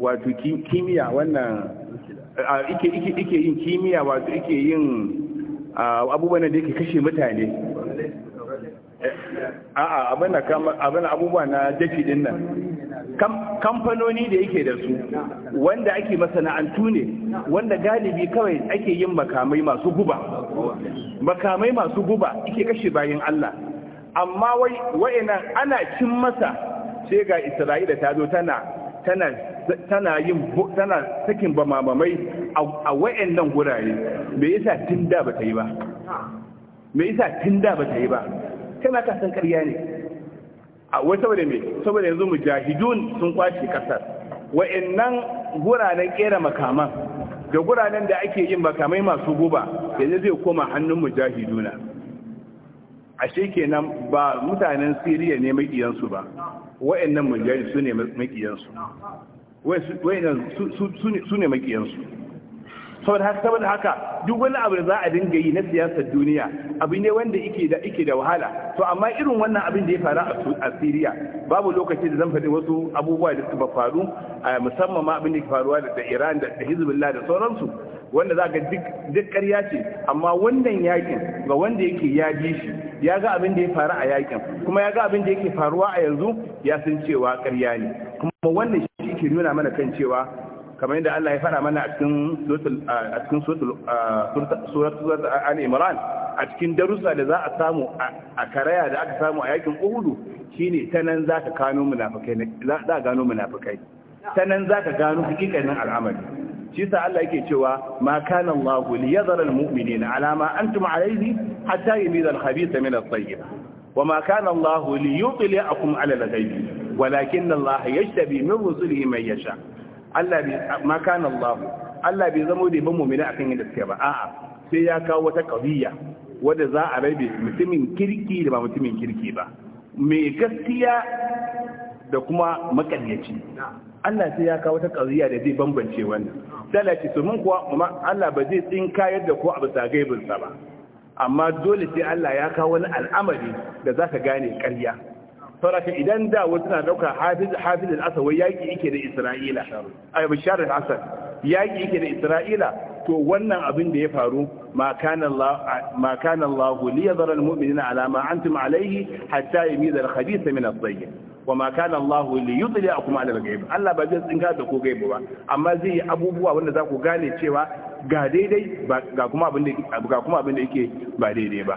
wato kimiyya wannan ike ike ike yin kimiyya wato ike yin abubuwan da yake kashe mutane a'a abana abubuwa na jafi din nan kamfanoni da yake da su wanda ake masana'antu ne wanda galibi kawai ake yin makamai masu guba makamai masu guba ke kashe bayan Allah amma wai wa'ina ana cin masa sai ga Isra'ila ta zo tana tana tana yin tana sakin bamamamai a nan gurare me yasa tinda bata yi ba me yasa tinda bata yi ba Tana ka san ƙarya ne a wai saboda me saboda yanzu mujahidun sun kwace kasar nan guraren kera makaman da guranen da ake yin makamai masu guba yanzu zai koma hannun mujahiduna ashe kenan ba mutanen siriya ne makiyansu ba wa'annan mujahidu su ne makiyansu su ne makiyansu saboda haka saboda haka duk wani abu da za a dinga yi na siyasar duniya abu ne wanda yake da yake da wahala to amma irin wannan abin da ya faru a Syria babu lokaci da zan faɗi wasu abubuwa da suka faru musamman ma abin da ke faruwa da Iran da Hezbollah da sauransu wanda za ga duk ƙarya ce amma wannan yakin ga wanda yake ya ji shi ya ga abin da ya faru a yakin kuma ya ga abin da yake faruwa a yanzu ya san cewa ƙarya ne kuma wannan shi ke nuna mana kan cewa kamar yadda Allah ya fara mana a cikin suratul al-imran a cikin darussa da za a samu a karaya da aka samu a yakin uhudu ne ta nan za ka gano munafikai za ka gano munafikai ta nan za ka gano hakikanin al'amari shi sa Allah yake cewa ma kana Allah li yadhara al alama an ma antum alayhi hatta yamiza al-khabitha min at-tayyib wa ma kana Allah li yutli'akum ala al-ghayb walakin Allah yajtabi min rusulihi mai yasha' Allah bai ma Allah Allah bai zama da ban mu'mina akan yadda suke ba a'a sai ya kawo wata qadiya wanda za a rabe mutumin kirki da ba mutumin kirki ba mai gaskiya da kuma makaryaci Allah sai ya kawo wata qadiya da zai bambance wannan ya ce to mun kuwa Allah ba zai tsinkayar da ko abu tsagaibin sa ba amma dole sai Allah ya kawo wani al'amari da zaka gane ƙarya sauraka idan da wasu na dauka hafiz al-asawai yaƙi ike da isra'ila a bishar Hassan yaƙi ike da isra'ila to wannan abin da ya faru ma kana Allah li yadhara al-mu'minina ala ma antum alayhi hatta yamiza al-khabith min at-tayyib wa ma kana Allah li a kuma al-ghaib Allah ba zai tsinka da ko gaibu ba amma zai yi abubuwa wanda za ku gane cewa ga daidai ga kuma abin da ga kuma abin da yake ba daidai ba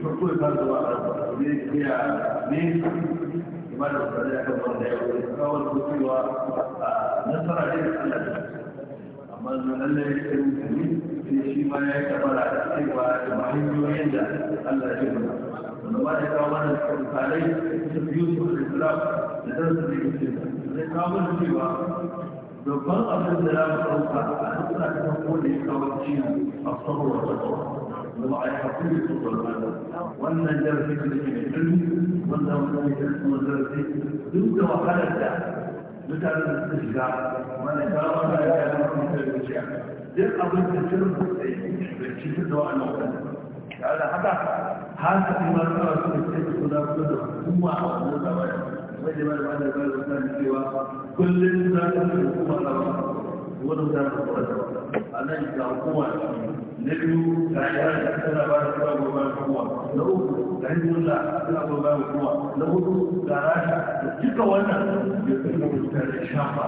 kuskure ba zuwa a ne biya ne kuma da da a kan wanda ya wuri kawai kusurwa a nasara ne da allah amma zanen da ya ce mutane sai shi ma ya yi tabara da cewa da mahimmiyoyin da allah ya nuna wanda ba da kawo mana misalai su biyu su da islam da zan su ya kuce da kawo mana cewa babban abin da za mu ɗauka a duk da kuma kodin kawo ciwo a saboda wata وما يحصل سوء المال وأن جرسك من العلم وأن جرسك دون وحالة مثلا الاستشجاع وأنا كلام لا يكلم مثل الوشيع دل أبدا جرسك بالشيء الدواء المعتاد يعني حتى حاسة ما ترى في السيد خدا كله ثم أعوذ بالله وإنما المعنى البال والثاني سوى كل ذلك الحكومة لها ولو ذلك الحكومة أنا إذا حكومة نبيو تعالى أسنا بارك الله وبارك هو نقول عند الله أسنا وبارك هو نقول تعالى تلك وانا يكون مستعد الشافع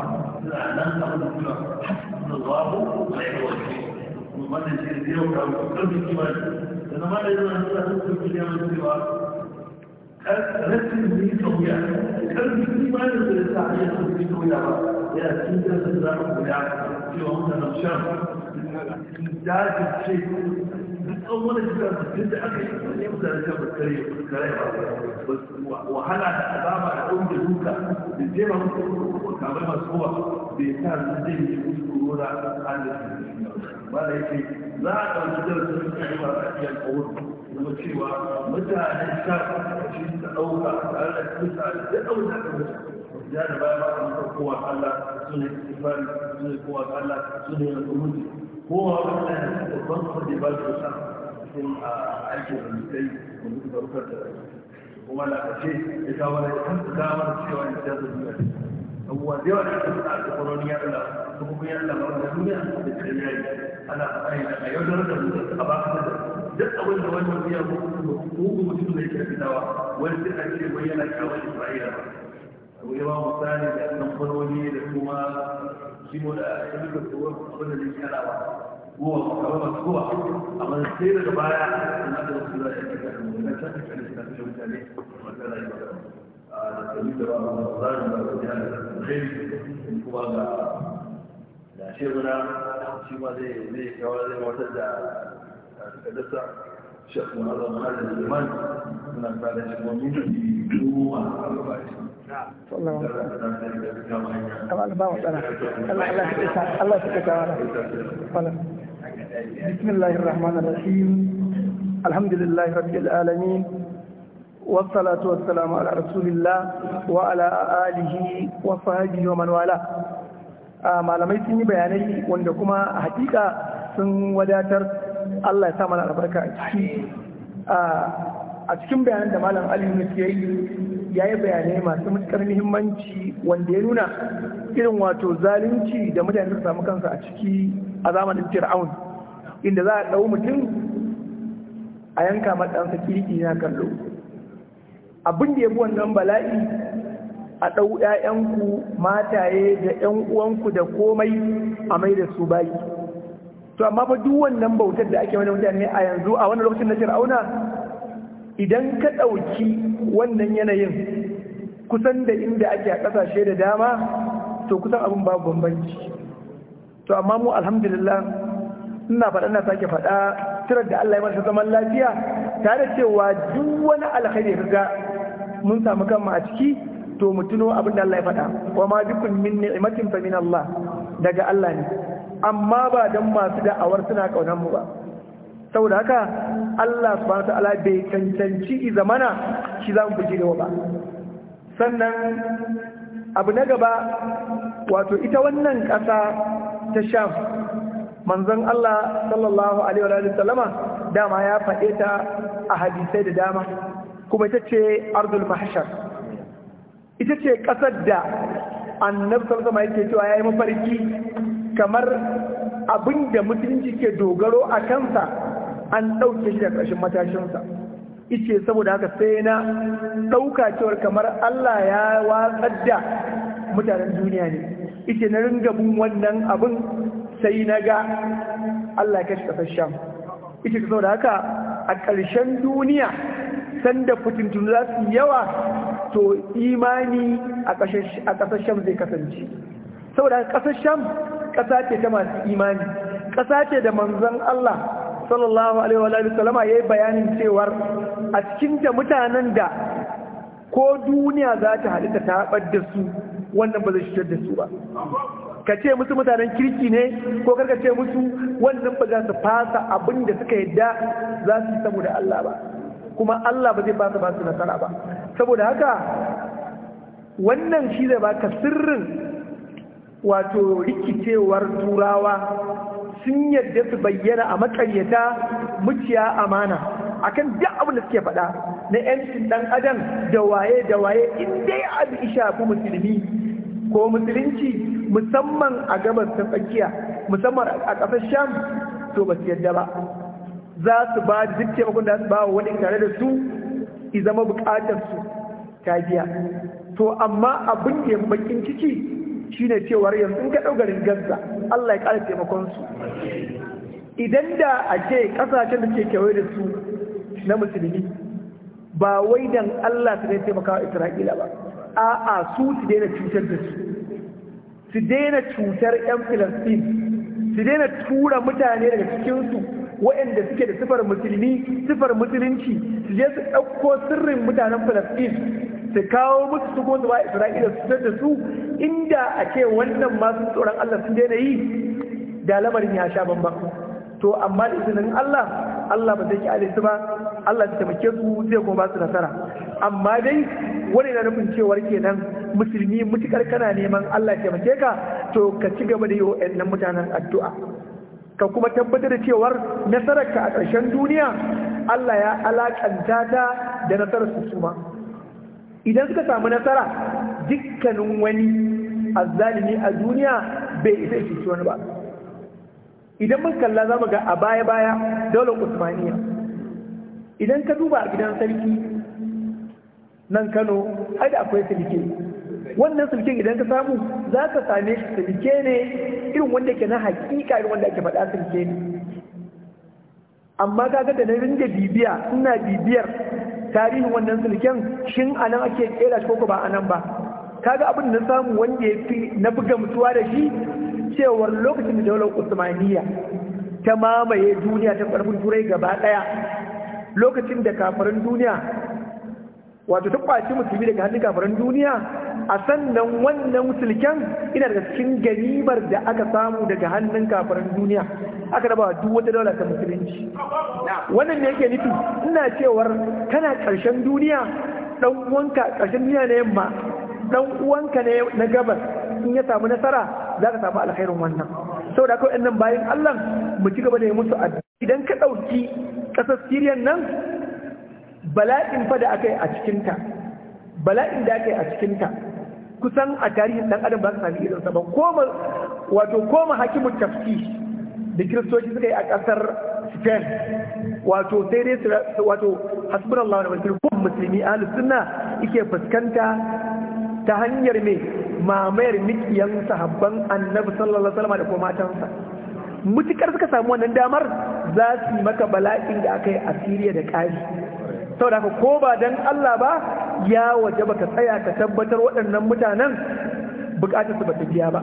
لا ننتقل كل حسن الله غير وجهه ومن الجنسية وكان قلب الإيمان أنا ما لازم أن أسنا في اليوم السوا رسم في سويا قلب الإيمان الذي تعيشه في سويا يأتي جسد ذاك ويعرف في عمر الشام ce, duk tsawon jira mutum da aka yi wani yau da rika bakare ya bakare ba wahala da azaba da ɗan da duka da jema mutum kamar masu kowa bai sa su zai yi musu korona an da su ba da yake za a ɗauki darasin da yi ba a iya kawo kuma cewa mutane sha shi ta ɗauka a da kusa da ɗauka da mutum ya da baya ba a mutum kowa Allah su ne istifari su ne kowa Allah su ne yanzu mutum هو مثلا الضغط اللي بلغ شخص يكون عايش من شيء من ضروره هو لا شيء اذا ولا انت داور شيء وانت تاخذ هو هو ديوان الاستاذ قرونيا لا هو بيان لا هو بيان انا اين انا يقدر ابا جت اول ما وجه فيها هو هو مش اللي كان في دواء ولد اجل وين الحوادث الصغيره والامام الثاني لانه قرونيا لكما سيمو الاخر يقول لك هو قبل الانسان موقع أو مدفوع أما الخير الغاية أن أدرس إلى إليك المؤمنة كيف نستطيع ذلك وكذا يبقى تريد بعض الأفضل من الرجال الخير إن هو لا شغل شما زي زي كوالي معتدى تكدسة شيخ من هذا المحل الإيمان من أفعال المؤمنين هو أربعة والله الله الله الله الله الله بسم الله الرحمن الرحيم الحمد لله رب العالمين والصلاة والسلام على رسول الله وعلى آله وصحبه ومن والاه malamai sun yi bayanai wanda kuma hakika sun wadatar Allah ya sa mana albarka a ciki ah, a cikin bayanan da malam Ali Yunus ya yi ya yi bayanai masu matuƙar muhimmanci wanda ya nuna irin wato zalunci da mutane su samu kansa a ciki a zamanin Fir'aun inda za a ɗau mutum a yanka matsansa kirki na kallo abin da ya wannan bala'i a ɗau ‘ya'yanku mataye da ‘yan uwanku da komai a mai da su bayi to amma fa duk wannan bautar da ake wani mutane a yanzu a wani lokacin na fir'auna idan ka ɗauki wannan yanayin kusan da inda ake a ƙasashe da dama to kusan abin babu bambanci to amma mu alhamdulillah ina faɗa na sake faɗa tirar da Allah ya mata zaman lafiya tare cewa duk wani alkhairi ga. mun samu kanmu a ciki to mu abin da Allah ya faɗa wa ma bikum min ni'matin fa min Allah daga Allah ne amma ba dan masu da'awar suna kaunar mu ba saboda haka Allah subhanahu ta'ala bai cancanci zamana shi za mu fi ba sannan abu na gaba wato ita wannan ƙasa ta sham manzon Allah sallallahu alaihi wa sallama dama ya faɗe ta a hadisai da dama kuma ita ce ardul mahshar ita ce ƙasar da annabi sallallahu alaihi yake cewa yayi mafarki kamar abin da mutunci ke dogaro a kansa an ɗauke shi da ƙarshen matashinsa ice saboda haka sai na ɗauka cewar kamar Allah ya watsar da mutanen duniya ne ice na ringabin wannan abin sai na ga Allah ya kashi ƙasar sham ita ka saboda haka a ƙarshen duniya sanda fitintun za su yawa to imani a ƙasar sham zai kasance saboda ƙasar sham ƙasa ce ta masu imani ƙasa ce da manzan Allah sallallahu alaihi wa sallama ya yi bayanin cewar a cikinta mutanen da ko duniya za ta halitta ta haɓar da su wannan ba zai shigar da su ba ka ce musu mutanen kirki ne ko karka ce musu wannan ba za su fasa abin da suka yadda za su yi saboda Allah ba kuma Allah ba zai fasa ba su nasara ba saboda haka wannan shi zai baka sirrin wato rikicewar turawa sun yadda su bayyana a makaryata muciya amana akan duk abin da suke faɗa na 'yancin ɗan adam da waye da waye in dai abin shafi musulmi ko musulunci musamman a gabas ta tsakiya musamman a ƙasar sham to ba su yadda ba za su ba duk taimakon da su ba wani tare da su i zama buƙatar su ta biya to amma abin da bakin ciki shine cewar yanzu in ka ɗaukarin gaza Allah ya ƙara taimakon su idan da a ce ƙasashen da ke kewaye da su na musulmi ba wai dan Allah su ne taimakawa Isra'ila ba a'a su su daina cutar da su su daina cutar 'yan filasɗin su daina tura mutane daga cikinsu waɗanda suke da sifar musulmi sifar musulunci su je su ɗauko sirrin mutanen filastin su kawo musu su kuma zuwa isra'ila su da su inda a ce wannan masu tsoron allah sun daina yi da lamarin ya sha bambam to amma da izinin Allah Allah ba zai ki alisu ba Allah ta taimake su zai kuma ba su nasara amma dai wani na nufin cewar kenan musulmi mutukar kana neman Allah taimake ka to ka ci gaba da yi wa'annan mutanen addu'a ka kuma tabbatar da cewar nasarar ka a ƙarshen duniya Allah ya alakanta ta da nasarar su suma idan suka samu nasara dukkanin wani azzalimi a duniya bai isa shi wani ba idan mun kalla za mu ga a baya-baya daular usmaniya idan ka duba a gidan sarki nan kano haida akwai silke wannan silken idan ka samu za ka same shi silke ne irin wanda ke na hakika irin wanda ake faɗa silke ne amma kaga da na da bibiya ina bibiyar tarihin wannan silken shin a nan ake kera shi ko ba a nan ba kaga abin da na samu wanda ya fi na buga mutuwa da shi cewar lokacin da daular usmaniya ta mamaye duniya ta ƙarfin turai gaba ɗaya lokacin da kafarin duniya wato ta kwaci musulmi daga hannun kafarin duniya a sannan wannan musulken ina da cikin ganimar da aka samu daga hannun kafarin duniya aka raba duk wata daular ta musulunci wannan ne yake nufi ina cewar kana ƙarshen duniya ɗan uwanka ƙarshen duniya na yamma ɗan uwanka na gabas in ya samu nasara za ka samu alkhairin wannan saboda kawai nan bayan Allah mu ci gaba da yi musu addu'a idan ka ɗauki ƙasar Siriyan nan bala'in fa da aka yi a cikinta bala'in da aka yi a cikinta kusan a tarihin ɗan adam ba su sami irinsa ba koma wato koma hakimin tafki da kiristoci suka yi a ƙasar spain wato sai dai wato hasbun allah wani musulmi musulmi ahlus sunna yake fuskanta ta hanyar mai mamayar mikiyan sahabban annabi sallallahu alaihi wasallam da kuma matansa mutukar suka samu wannan damar za su yi maka bala'in da aka yi a Siriya da ƙari saboda haka ko ba dan Allah ba ya waje baka tsaya ka tabbatar waɗannan mutanen bukatar su ta biya ba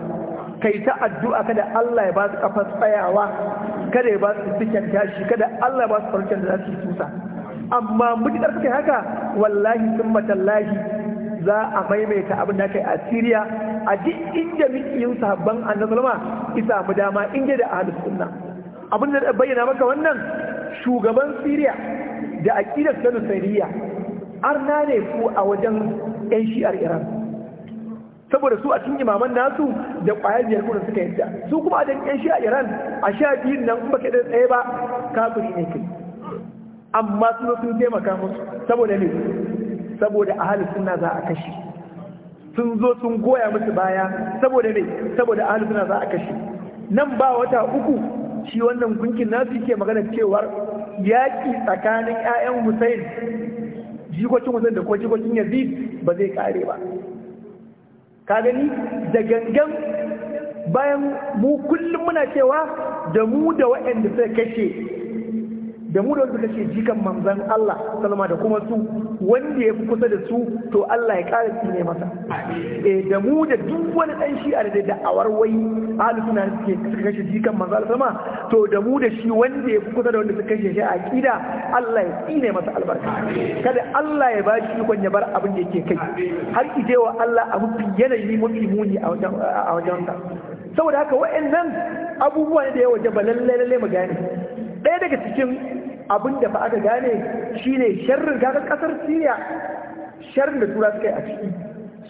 kai ta addu'a kada Allah ya ba su kafar tsayawa kada ya ba su cikin tashi kada Allah ya ba su farcen da za su yi tusa amma mutukar suka haka wallahi sun matallahi za a maimaita abin da kai a siriya a duk inda mikiyin sahabban annabi sallama isa mu dama inda da ahlus sunna abin da bayyana maka wannan shugaban siriya da aqidar sanu sariya arna ne ku a wajen yan shi'ar Iran saboda su a cikin imaman nasu da ƙwayar biyar kuma suka yadda su kuma a dan yan shi'ar Iran a sha biyun nan ba kai tsaye ba kafiri ne kai amma sun sun taimaka musu saboda ne saboda ahalin suna za a kashe sun zo sun goya musu baya saboda ne saboda ahalin suna za a kashe nan ba wata uku shi wannan gunkin nasu ke magana cewar yaƙi tsakanin 'ya'yan Hussein jikokin Hussein da kuma jikokin Yazid ba zai kare ba ka gani da gangan bayan mu kullum muna cewa da mu da waɗanda suka kashe da mu da wanda kake jikan manzan Allah salama da kuma su wanda ya fi kusa da su to Allah ya ƙara ne masa eh da mu da duk wani dan shi a da da'awar wai ahlu sunna suke suka kashe jikan manzan Allah salama to da mu da shi wanda ya fi kusa da wanda suka kashe shi a aqida Allah ya ne masa albarka kada Allah ya bashi ikon ya bar abin da yake kai har wa Allah a abu yanayi mafi muni a wajen a wajen saboda haka wa'annan abubuwa da ya waje ba lalle lalle mu gane ɗaya daga cikin abin da fa aka gane shi ne sharrin gagar ƙasar siriya sharrin da tura suka yi a ciki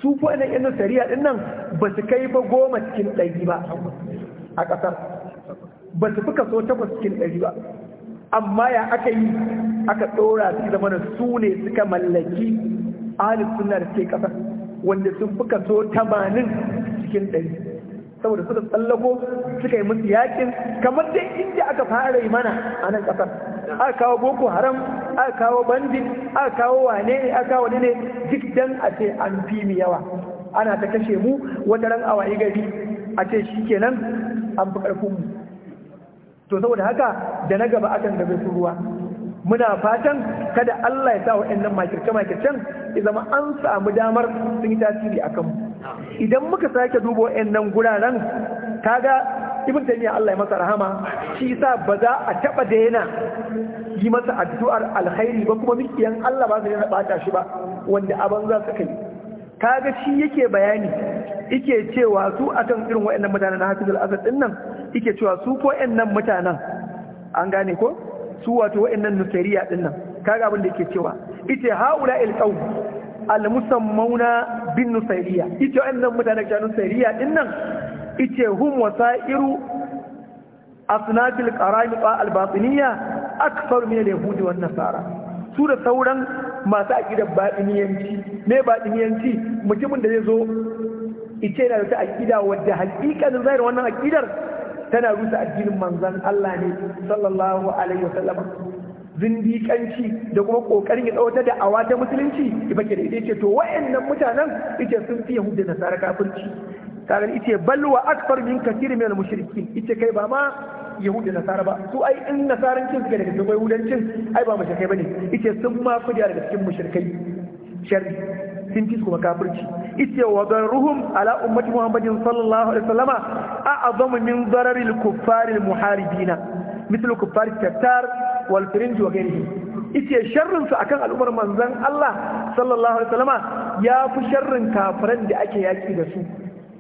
su kuwa ɗan yan Nasariya ɗin nan ba su kai ba goma cikin ɗari ba a ƙasar ba su fi kaso takwas cikin ɗari ba amma ya aka yi aka ɗora su zama da su ne suka mallaki ahalin suna da ke ƙasar wanda sun fi kaso tamanin cikin ɗari saboda suka tsallako suka yi musu yakin kamar dai inda aka fara yi mana a nan kasar a kawo boko haram a kawo bandit a kawo wane ne a kawo ne duk dan a ce an fi mu yawa ana ta kashe mu wata ran awayi gari a ce shi kenan an fi karfin mu to saboda haka da na gaba akan gabe su ruwa muna fatan kada Allah ya sa wa'annan makirce-makircen ya zama an samu damar sun yi tasiri a kanmu idan muka sake duba wayannan guraren kaga ibn ya Allah ya masa rahama shi sa ba za a taɓa da yana yi masa addu'ar alhairi ba kuma mikiyan Allah ba su yana ɓata shi ba wanda abin za su kai kaga shi yake bayani ike cewa su akan irin wayannan mutanen na al-Asad ɗin nan ike cewa su ko nan mutanen an gane ko su wato nan nusariya ɗin nan kaga abin da yake cewa ite haula al mauna bin nusairiya ita wannan mutanen shanun nusairiya din nan ice hum wasairu asnafil qaraniqa albatiniya akthar min alyahudi wan nasara su da sauran masu aqidar batiniyanci me batiniyanci mutumin da zai zo ice yana da ta aƙida wadda hakikanin zahir wannan aƙidar tana rusa addinin manzon Allah ne sallallahu alaihi wasallam zindiƙanci da kuma ƙoƙarin ya tsawata da awa ta musulunci ke da ita ce to wa'annan mutanen ita sun fi yahudu da nasara kafirci kaga ita balwa akbar min kathir min al-mushrikin ita kai ba ma yahudu da nasara ba su ai in nasarancin suke daga cikin yahudancin ai ba mushrikai bane ita sun ma fi daga cikin mushrikai sharri sun fi kuma kafirci ita wa garruhum ala ummati muhammadin sallallahu alaihi wasallama a'azamu min dararil kuffaril muharibina mithlu kuffar tattar wal firinji wa gairihi ite sharrinsu su akan al'ummar manzon Allah sallallahu alaihi wasallama ya fi sharrin kafiran da ake yaki da su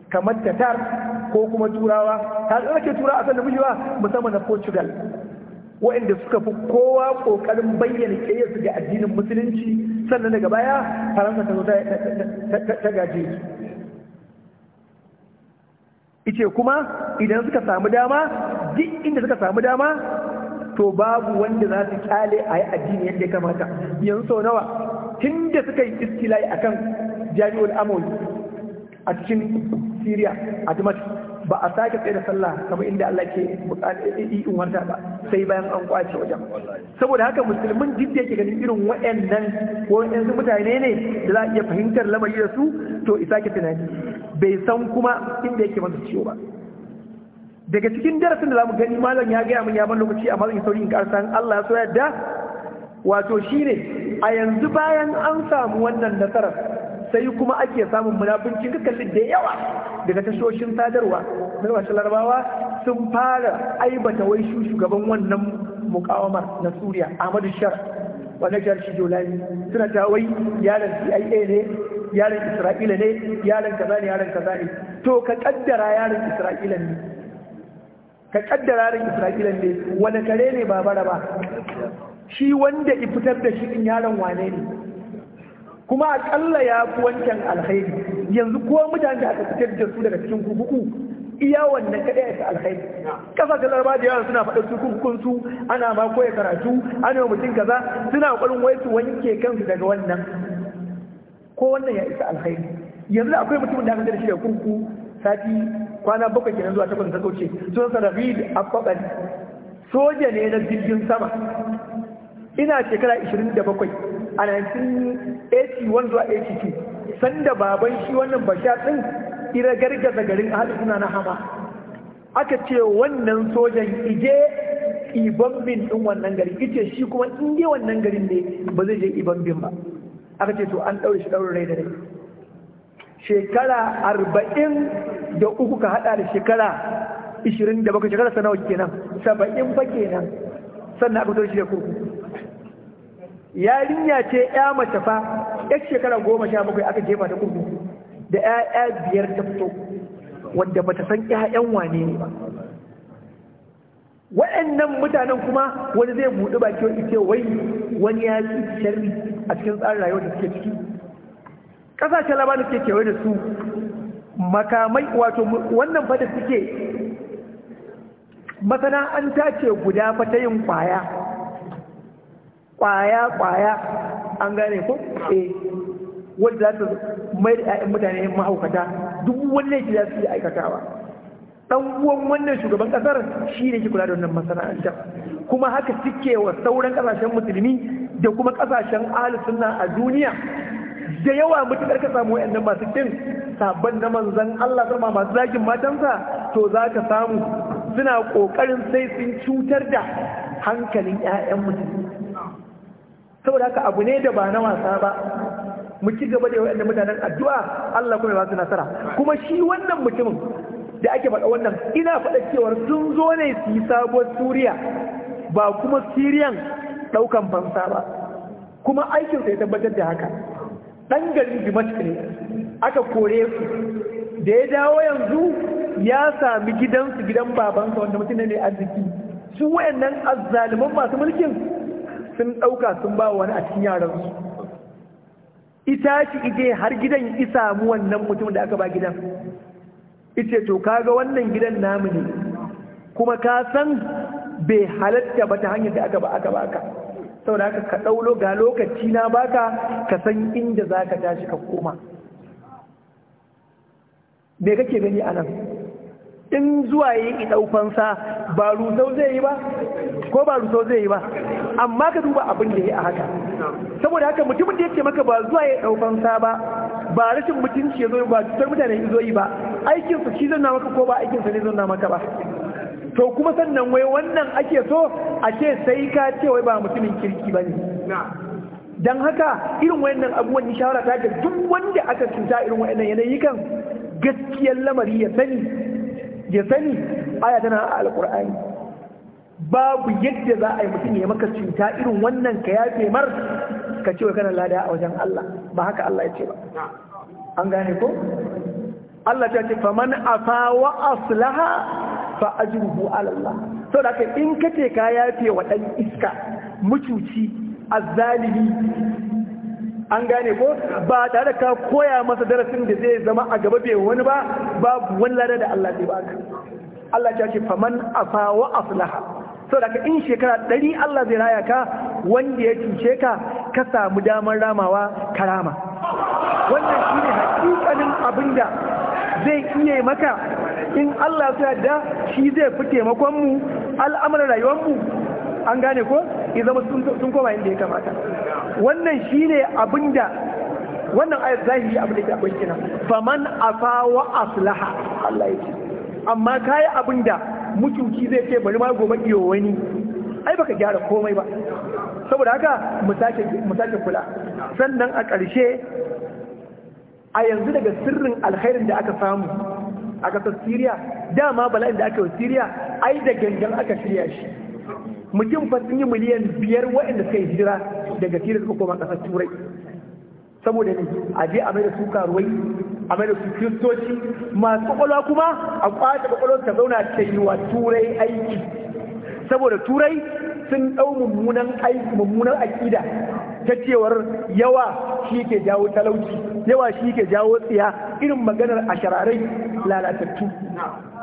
kamar tatar ko kuma turawa har ake tura a sanin bujewa musamman na Portugal waɗanda suka fi kowa ƙoƙarin bayyana ƙeyarsu ga addinin musulunci sannan daga baya faransa ta zo ta gaje su ice kuma idan suka samu dama duk inda suka samu dama to babu wanda za su kyale a yi addini yadda ya kamata yanzu sau nawa tun da suka yi istilai a kan jami'ul amur a cikin syria a dimash ba a sake tsaye da sallah kamar inda allah ke in warta ba sai bayan an kwace wajen saboda haka musulmin duk da yake ganin irin waɗannan ko yanzu mutane ne da za a iya fahimtar lamari da su to isa ke tunani bai san kuma inda yake masa ciwo ba daga cikin darasin da zamu gani malam ya gaya mun ya ban lokaci amma zan sauri in karsa Allah ya so yadda wato shine a yanzu bayan an samu wannan nasarar sai kuma ake samun munafincin ka kalli da yawa daga tashoshin sadarwa na wasu larabawa sun fara aibata wai shugaban wannan mukawamar na Suriya Ahmadu Shar wannan jihar shi Jolani suna ta wai yaron CIA ne yaron Isra'ila ne yaron kaza ne yaron kaza ne to ka kaddara yaron Isra'ila ne ka kaddara ran isra'ilan ne wani kare ne ba bara ba shi wanda ya fitar da shi in yaron wane ne kuma akalla ya fi wancan alkhairi yanzu ko mutane da aka fitar da su daga cikin kurkuku iya wannan kaɗai ya alkhairi kasashen larba da yawa suna faɗar su kurkukun ana ma ya karatu ana mutum kaza suna ƙwarin wai su wanke kansu daga wannan ko wannan ya isa alkhairi yanzu akwai mutumin da aka da shi da kurku. sati kwana bakwai kenan zuwa takwas ta kauce sun a akwabal soja ne na jirgin sama ina shekara 27 a 1981 zuwa 82 sanda baban shi wannan bashar din ira gargaza garin halittuna na hama aka ce wannan sojan ije ibon bin din wannan gari ita shi kuma inge wannan garin ne ba zai je ibon bin ba aka ce to an ɗaure shi ɗaure rai da rai shekara arba'in da uku ka hada da shekara ishirin da baka shekara sanawa kenan saba'in fa kenan sannan aka shi da kurkuku yarinya ce ya mace fa ya shekara goma sha bakwai aka jefa ta kurkuku da ya biyar ta fito wadda bata san ƴaƴan wane ne ba waɗannan mutanen kuma wani zai buɗi baki wani ce wai wani ya ci sharri a cikin tsarin rayuwar da suke ciki ƙasashen labarin suke kewaye da su makamai wato wannan fata suke masana'anta ce guda fata yin kwaya kwaya kwaya an gane ko eh wadda za su mai da 'ya'yan mutane mahaukata duk wannan shi za su yi aikatawa Ɗan uwan wannan shugaban ƙasar shi ne ke kula da wannan masana'anta. kuma haka suke wa sauran ƙasashen musulmi da kuma ƙasashen ahli a duniya da yawa mutum ka samu wayannan masu kin sabon na manzan Allah sama masu zagin matansa to za ka samu suna kokarin sai sun cutar da hankalin 'ya'yan mutum saboda haka abu ne da ba na wasa ba mu ci gaba da wayannan mutanen addu'a Allah kuma ba su nasara kuma shi wannan mutumin da ake faɗa wannan ina faɗa cewar sun zo ne su yi sabuwar suriya ba kuma siriyan ɗaukan fansa ba kuma aikinsa ya tabbatar da haka ɗan garin dimashq ne aka kore su da ya dawo yanzu ya sami gidansu gidan babansa wanda mutum ne arziki su wayannan azzaliman masu mulkin sun ɗauka sun ba wani a cikin yaransu ita shi ije har gidan isa mu wannan mutum da aka ba gidan ice to ka ga wannan gidan namu ne kuma ka san bai halatta ba ta hanyar da aka ba aka ba aka saboda haka ka ɗaulo ga lokaci na baka ka san inda za ka tashi ka koma me kake gani a nan in zuwa yi ɗaufansa ba rusau zai yi ba ko ba rusau zai yi ba amma ka duba abin da ya a haka saboda haka mutumin da yake maka ba zuwa ya ɗaufansa ba ba rashin mutunci ya zo ba cutar mutane ya zo yi ba aikinsa shi zan na maka ko ba aikinsa ne zan na maka ba to kuma sannan wai wannan ake so a ce sai ka ce wai ba mutumin kirki ba ne don haka irin wayannan abubuwan shawara ta ga duk wanda aka cuta irin wayannan yanayi kan gaskiyar lamari ya sani ya sani aya tana a alkur'ani babu yadda za a yi mutum ya maka cuta irin wannan ka yafe mar ka ce wa kana lada a wajen Allah ba haka Allah ya ce ba an gane ko Allah ta ce faman afa wa aslaha fa ajruhu ala Allah da kai in kace ka yafe wa dan iska mucuci azzalimi an gane ko ba tare ka koya masa darasin da zai zama a gaba bai wani ba babu wani lada da Allah zai baka Allah ya ce faman afa wa aflaha so da ka in shekara ɗari Allah zai raya ka wanda ya cuce ka ka samu damar ramawa karama wannan shi ne hakikanin abin da zai iya maka in Allah su da shi zai fi taimakonmu al'amuran rayuwanmu an gane ko in zama sun koma inda ya kamata wannan shi ne abin da wannan ayat zahiri abin da ke akwai kina faman afa wa aslaha Allah ya ce amma kayi abin da mutunci zai ce bari ma gobe iyo wani ai baka gyara komai ba saboda haka mu sake kula sannan a ƙarshe a yanzu daga sirrin alkhairin da aka samu a ƙasar siriya dama bala'in da aka yi siriya ai da gangan aka shirya shi mutum fasin yi miliyan biyar waɗanda suka yi hijira daga siriya suka koma ƙasar turai saboda ne a je a mai da su karuwai a mai da su kristoci masu kwakwalwa kuma a kwace kwakwalwar ta zauna ta yi wa turai aiki saboda turai sun ɗau mummunan aiki mummunan aƙida ta cewar yawa shi ke jawo talauci yawa shi ke jawo tsiya irin maganar a shararai lalatattu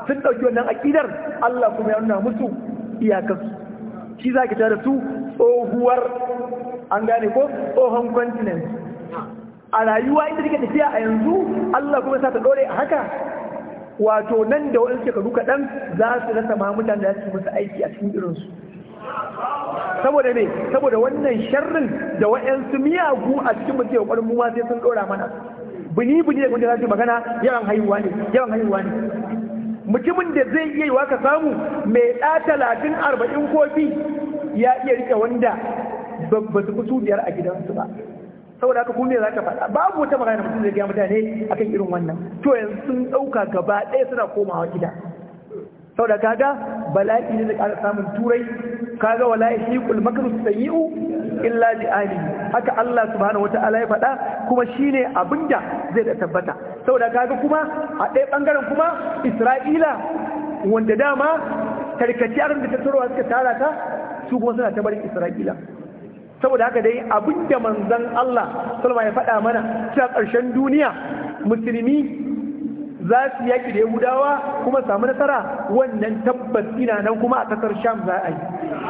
sun ɗauki wannan aƙidar Allah kuma ya nuna musu iyakansu shi za ki tare su tsohuwar an gane ko tsohon continent a rayuwa inda take tafiya a yanzu Allah kuma sa ta dore a haka wato nan da wani shekaru kaɗan za su rasa ma mutane da su musu aiki a cikin irinsu saboda ne saboda wannan sharrin da wa'yansu miyagu a cikin mutum yau muwa sai sun ɗora mana bini bini da wanda za su magana yawan haihuwa ne yawan haihuwa ne mutumin da zai iya yiwa ka samu mai ɗa talatin arba'in kofi ya iya rike wanda ba su fi su biyar a gidansu ba saboda haka kuma me za ka faɗa babu wata magana mutum zai gaya mutane akan irin wannan to yanzu sun ɗauka gaba ɗaya suna komawa gida saboda kaga bala'i ne da ƙara samun turai kaga wala yahiqul makru sayi'u illa li ali haka Allah subhanahu wata'ala ya faɗa kuma shine abinda zai da tabbata saboda kaga kuma a ɗaya bangaren kuma Isra'ila wanda dama tarkaciyar da ta suka tarata, ta su kuma suna ta barin Isra'ila saboda haka dai abin da manzon Allah salma ya faɗa mana cewa ƙarshen duniya musulmi za su yaƙi da yahudawa kuma samu nasara wannan tabbas ina nan kuma a ƙasar sham za a yi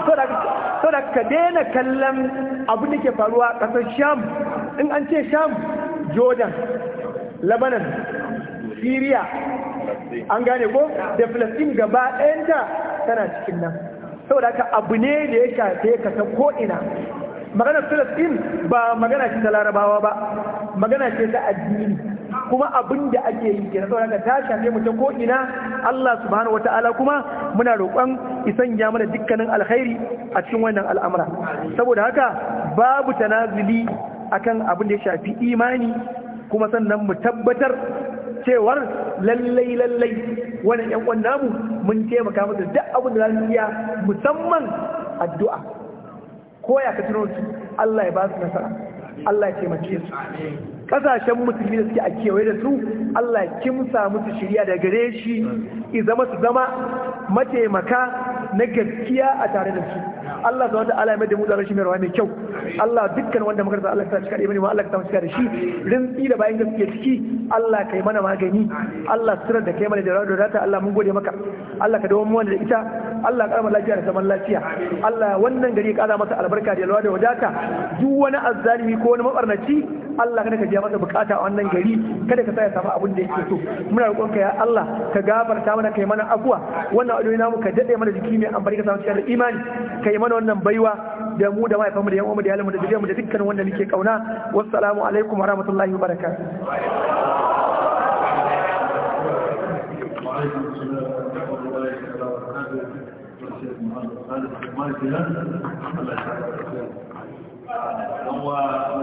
saboda ka daina kallon abin da ke faruwa a ƙasar sham in an ce sham jordan lebanon syria an gane ko da filistin gaba ɗayanta tana cikin nan saboda ka abu ne da ya shafe ka ta ko'ina magana filistin ba magana ce ta larabawa ba magana ce ta addini kuma abin da ake yi ke nasarar ka ta shafe mu ta ko'ina Allah subhanahu wa kuma muna roƙon isan ya mana dukkanin alkhairi a cikin wannan al'amura saboda haka babu tanazuli akan abin da ya shafi imani kuma sannan mu tabbatar cewar lallai lallai wannan yan uwan namu mun taimaka musu duk abin da za mu iya musamman addu'a koya ka tuno Allah ya ba su nasara Allah ya taimake su kasashen musulmi da suke a kewaye da su Allah ya kimsa musu shirya da gare shi i zama su zama mataimaka na gaskiya a tare da su Allah wata ala ya mai da mu da mai rawa mai kyau Allah dukkan wanda muka rasa Allah ya cika da ma Allah ya cika da shi rinsi da bayan gaskiya ciki Allah kai mana magani Allah sirar da kai mana da rawar da Allah mun gode maka Allah ka dawo mu da ita Allah karama lafiya da zaman lafiya Allah wannan gari ya kaza masa albarka da yalwa da wadata duk wani azzalimi ko wani mabarnaci Allah kada ka je masa bukata a wannan gari kada ka sa sama abun abin da yake so muna roƙon ka ya Allah ka gafarta mana kai mana afuwa wannan adoyi namu ka dade mana jiki mai amfani ka samu cikin imani kai mana wannan baiwa da mu da mahaifanmu da yan uwanmu da yalanmu da zuriyarmu da dukkan wanda muke kauna wassalamu alaikum warahmatullahi wabarakatuh. wa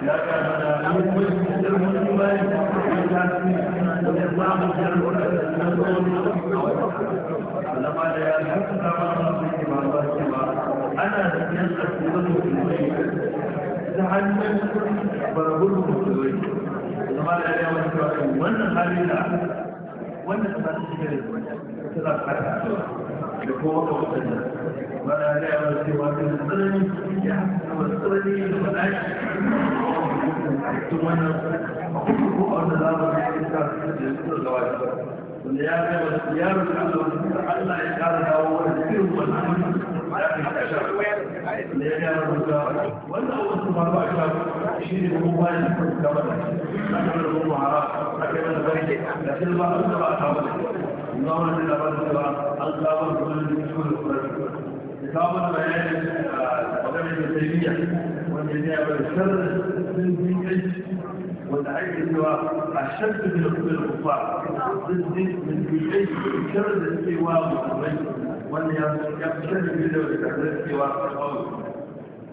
wannan hali da wannan ba su shiga da kuma kawo da ولا نعم سوى بالظلم يحسن والظلم والعشق ثمنا وقوم الارض والنيابه والصيام لعل اجعلنا اول فيهم والعمل لكن كشف النيابه والصيام والاول ثم اربع شهر يشير الموبايل كما لكن الامور حرام لكن البريد لكن ما اصبح اصحاب الله الذي لا بد الله الذي لا بد كامل بيان القدم الجسدية والجنية والشر بالزيج والعيد سواء الشمس من الكفار بالزيج من الجيش شر الاستواء والرجل واليمشر ذلك الاستواء والقول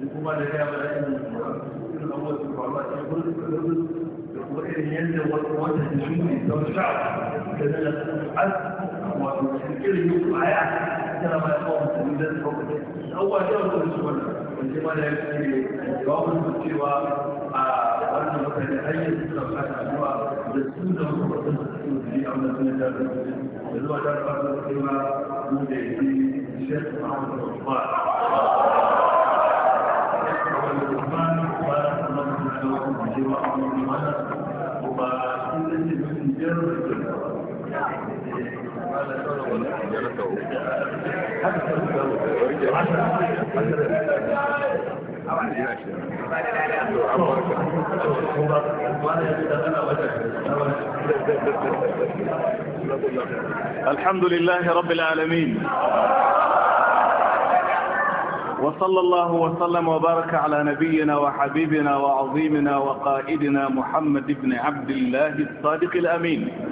لكما لديها بلائن الأول في العلماء يقول الرجل وإن ينزل والقوات الجنوبي والشعب كذلك الحد wato irin yi kuma ya tana ba ya kawo mutane da su kawo mutane abubuwa da yawan kwanci wannan wanda ma da ya kare jawabin su cewa a wannan mutane har yanzu suna bukata zuwa da su da wasu wasu su su yi a wannan sunan da su da zuwa da ba su ma mu da ya yi shekara ba الحمد لله رب العالمين وصلى الله وسلم وبارك على نبينا وحبيبنا وعظيمنا وقائدنا محمد بن عبد الله الصادق الأمين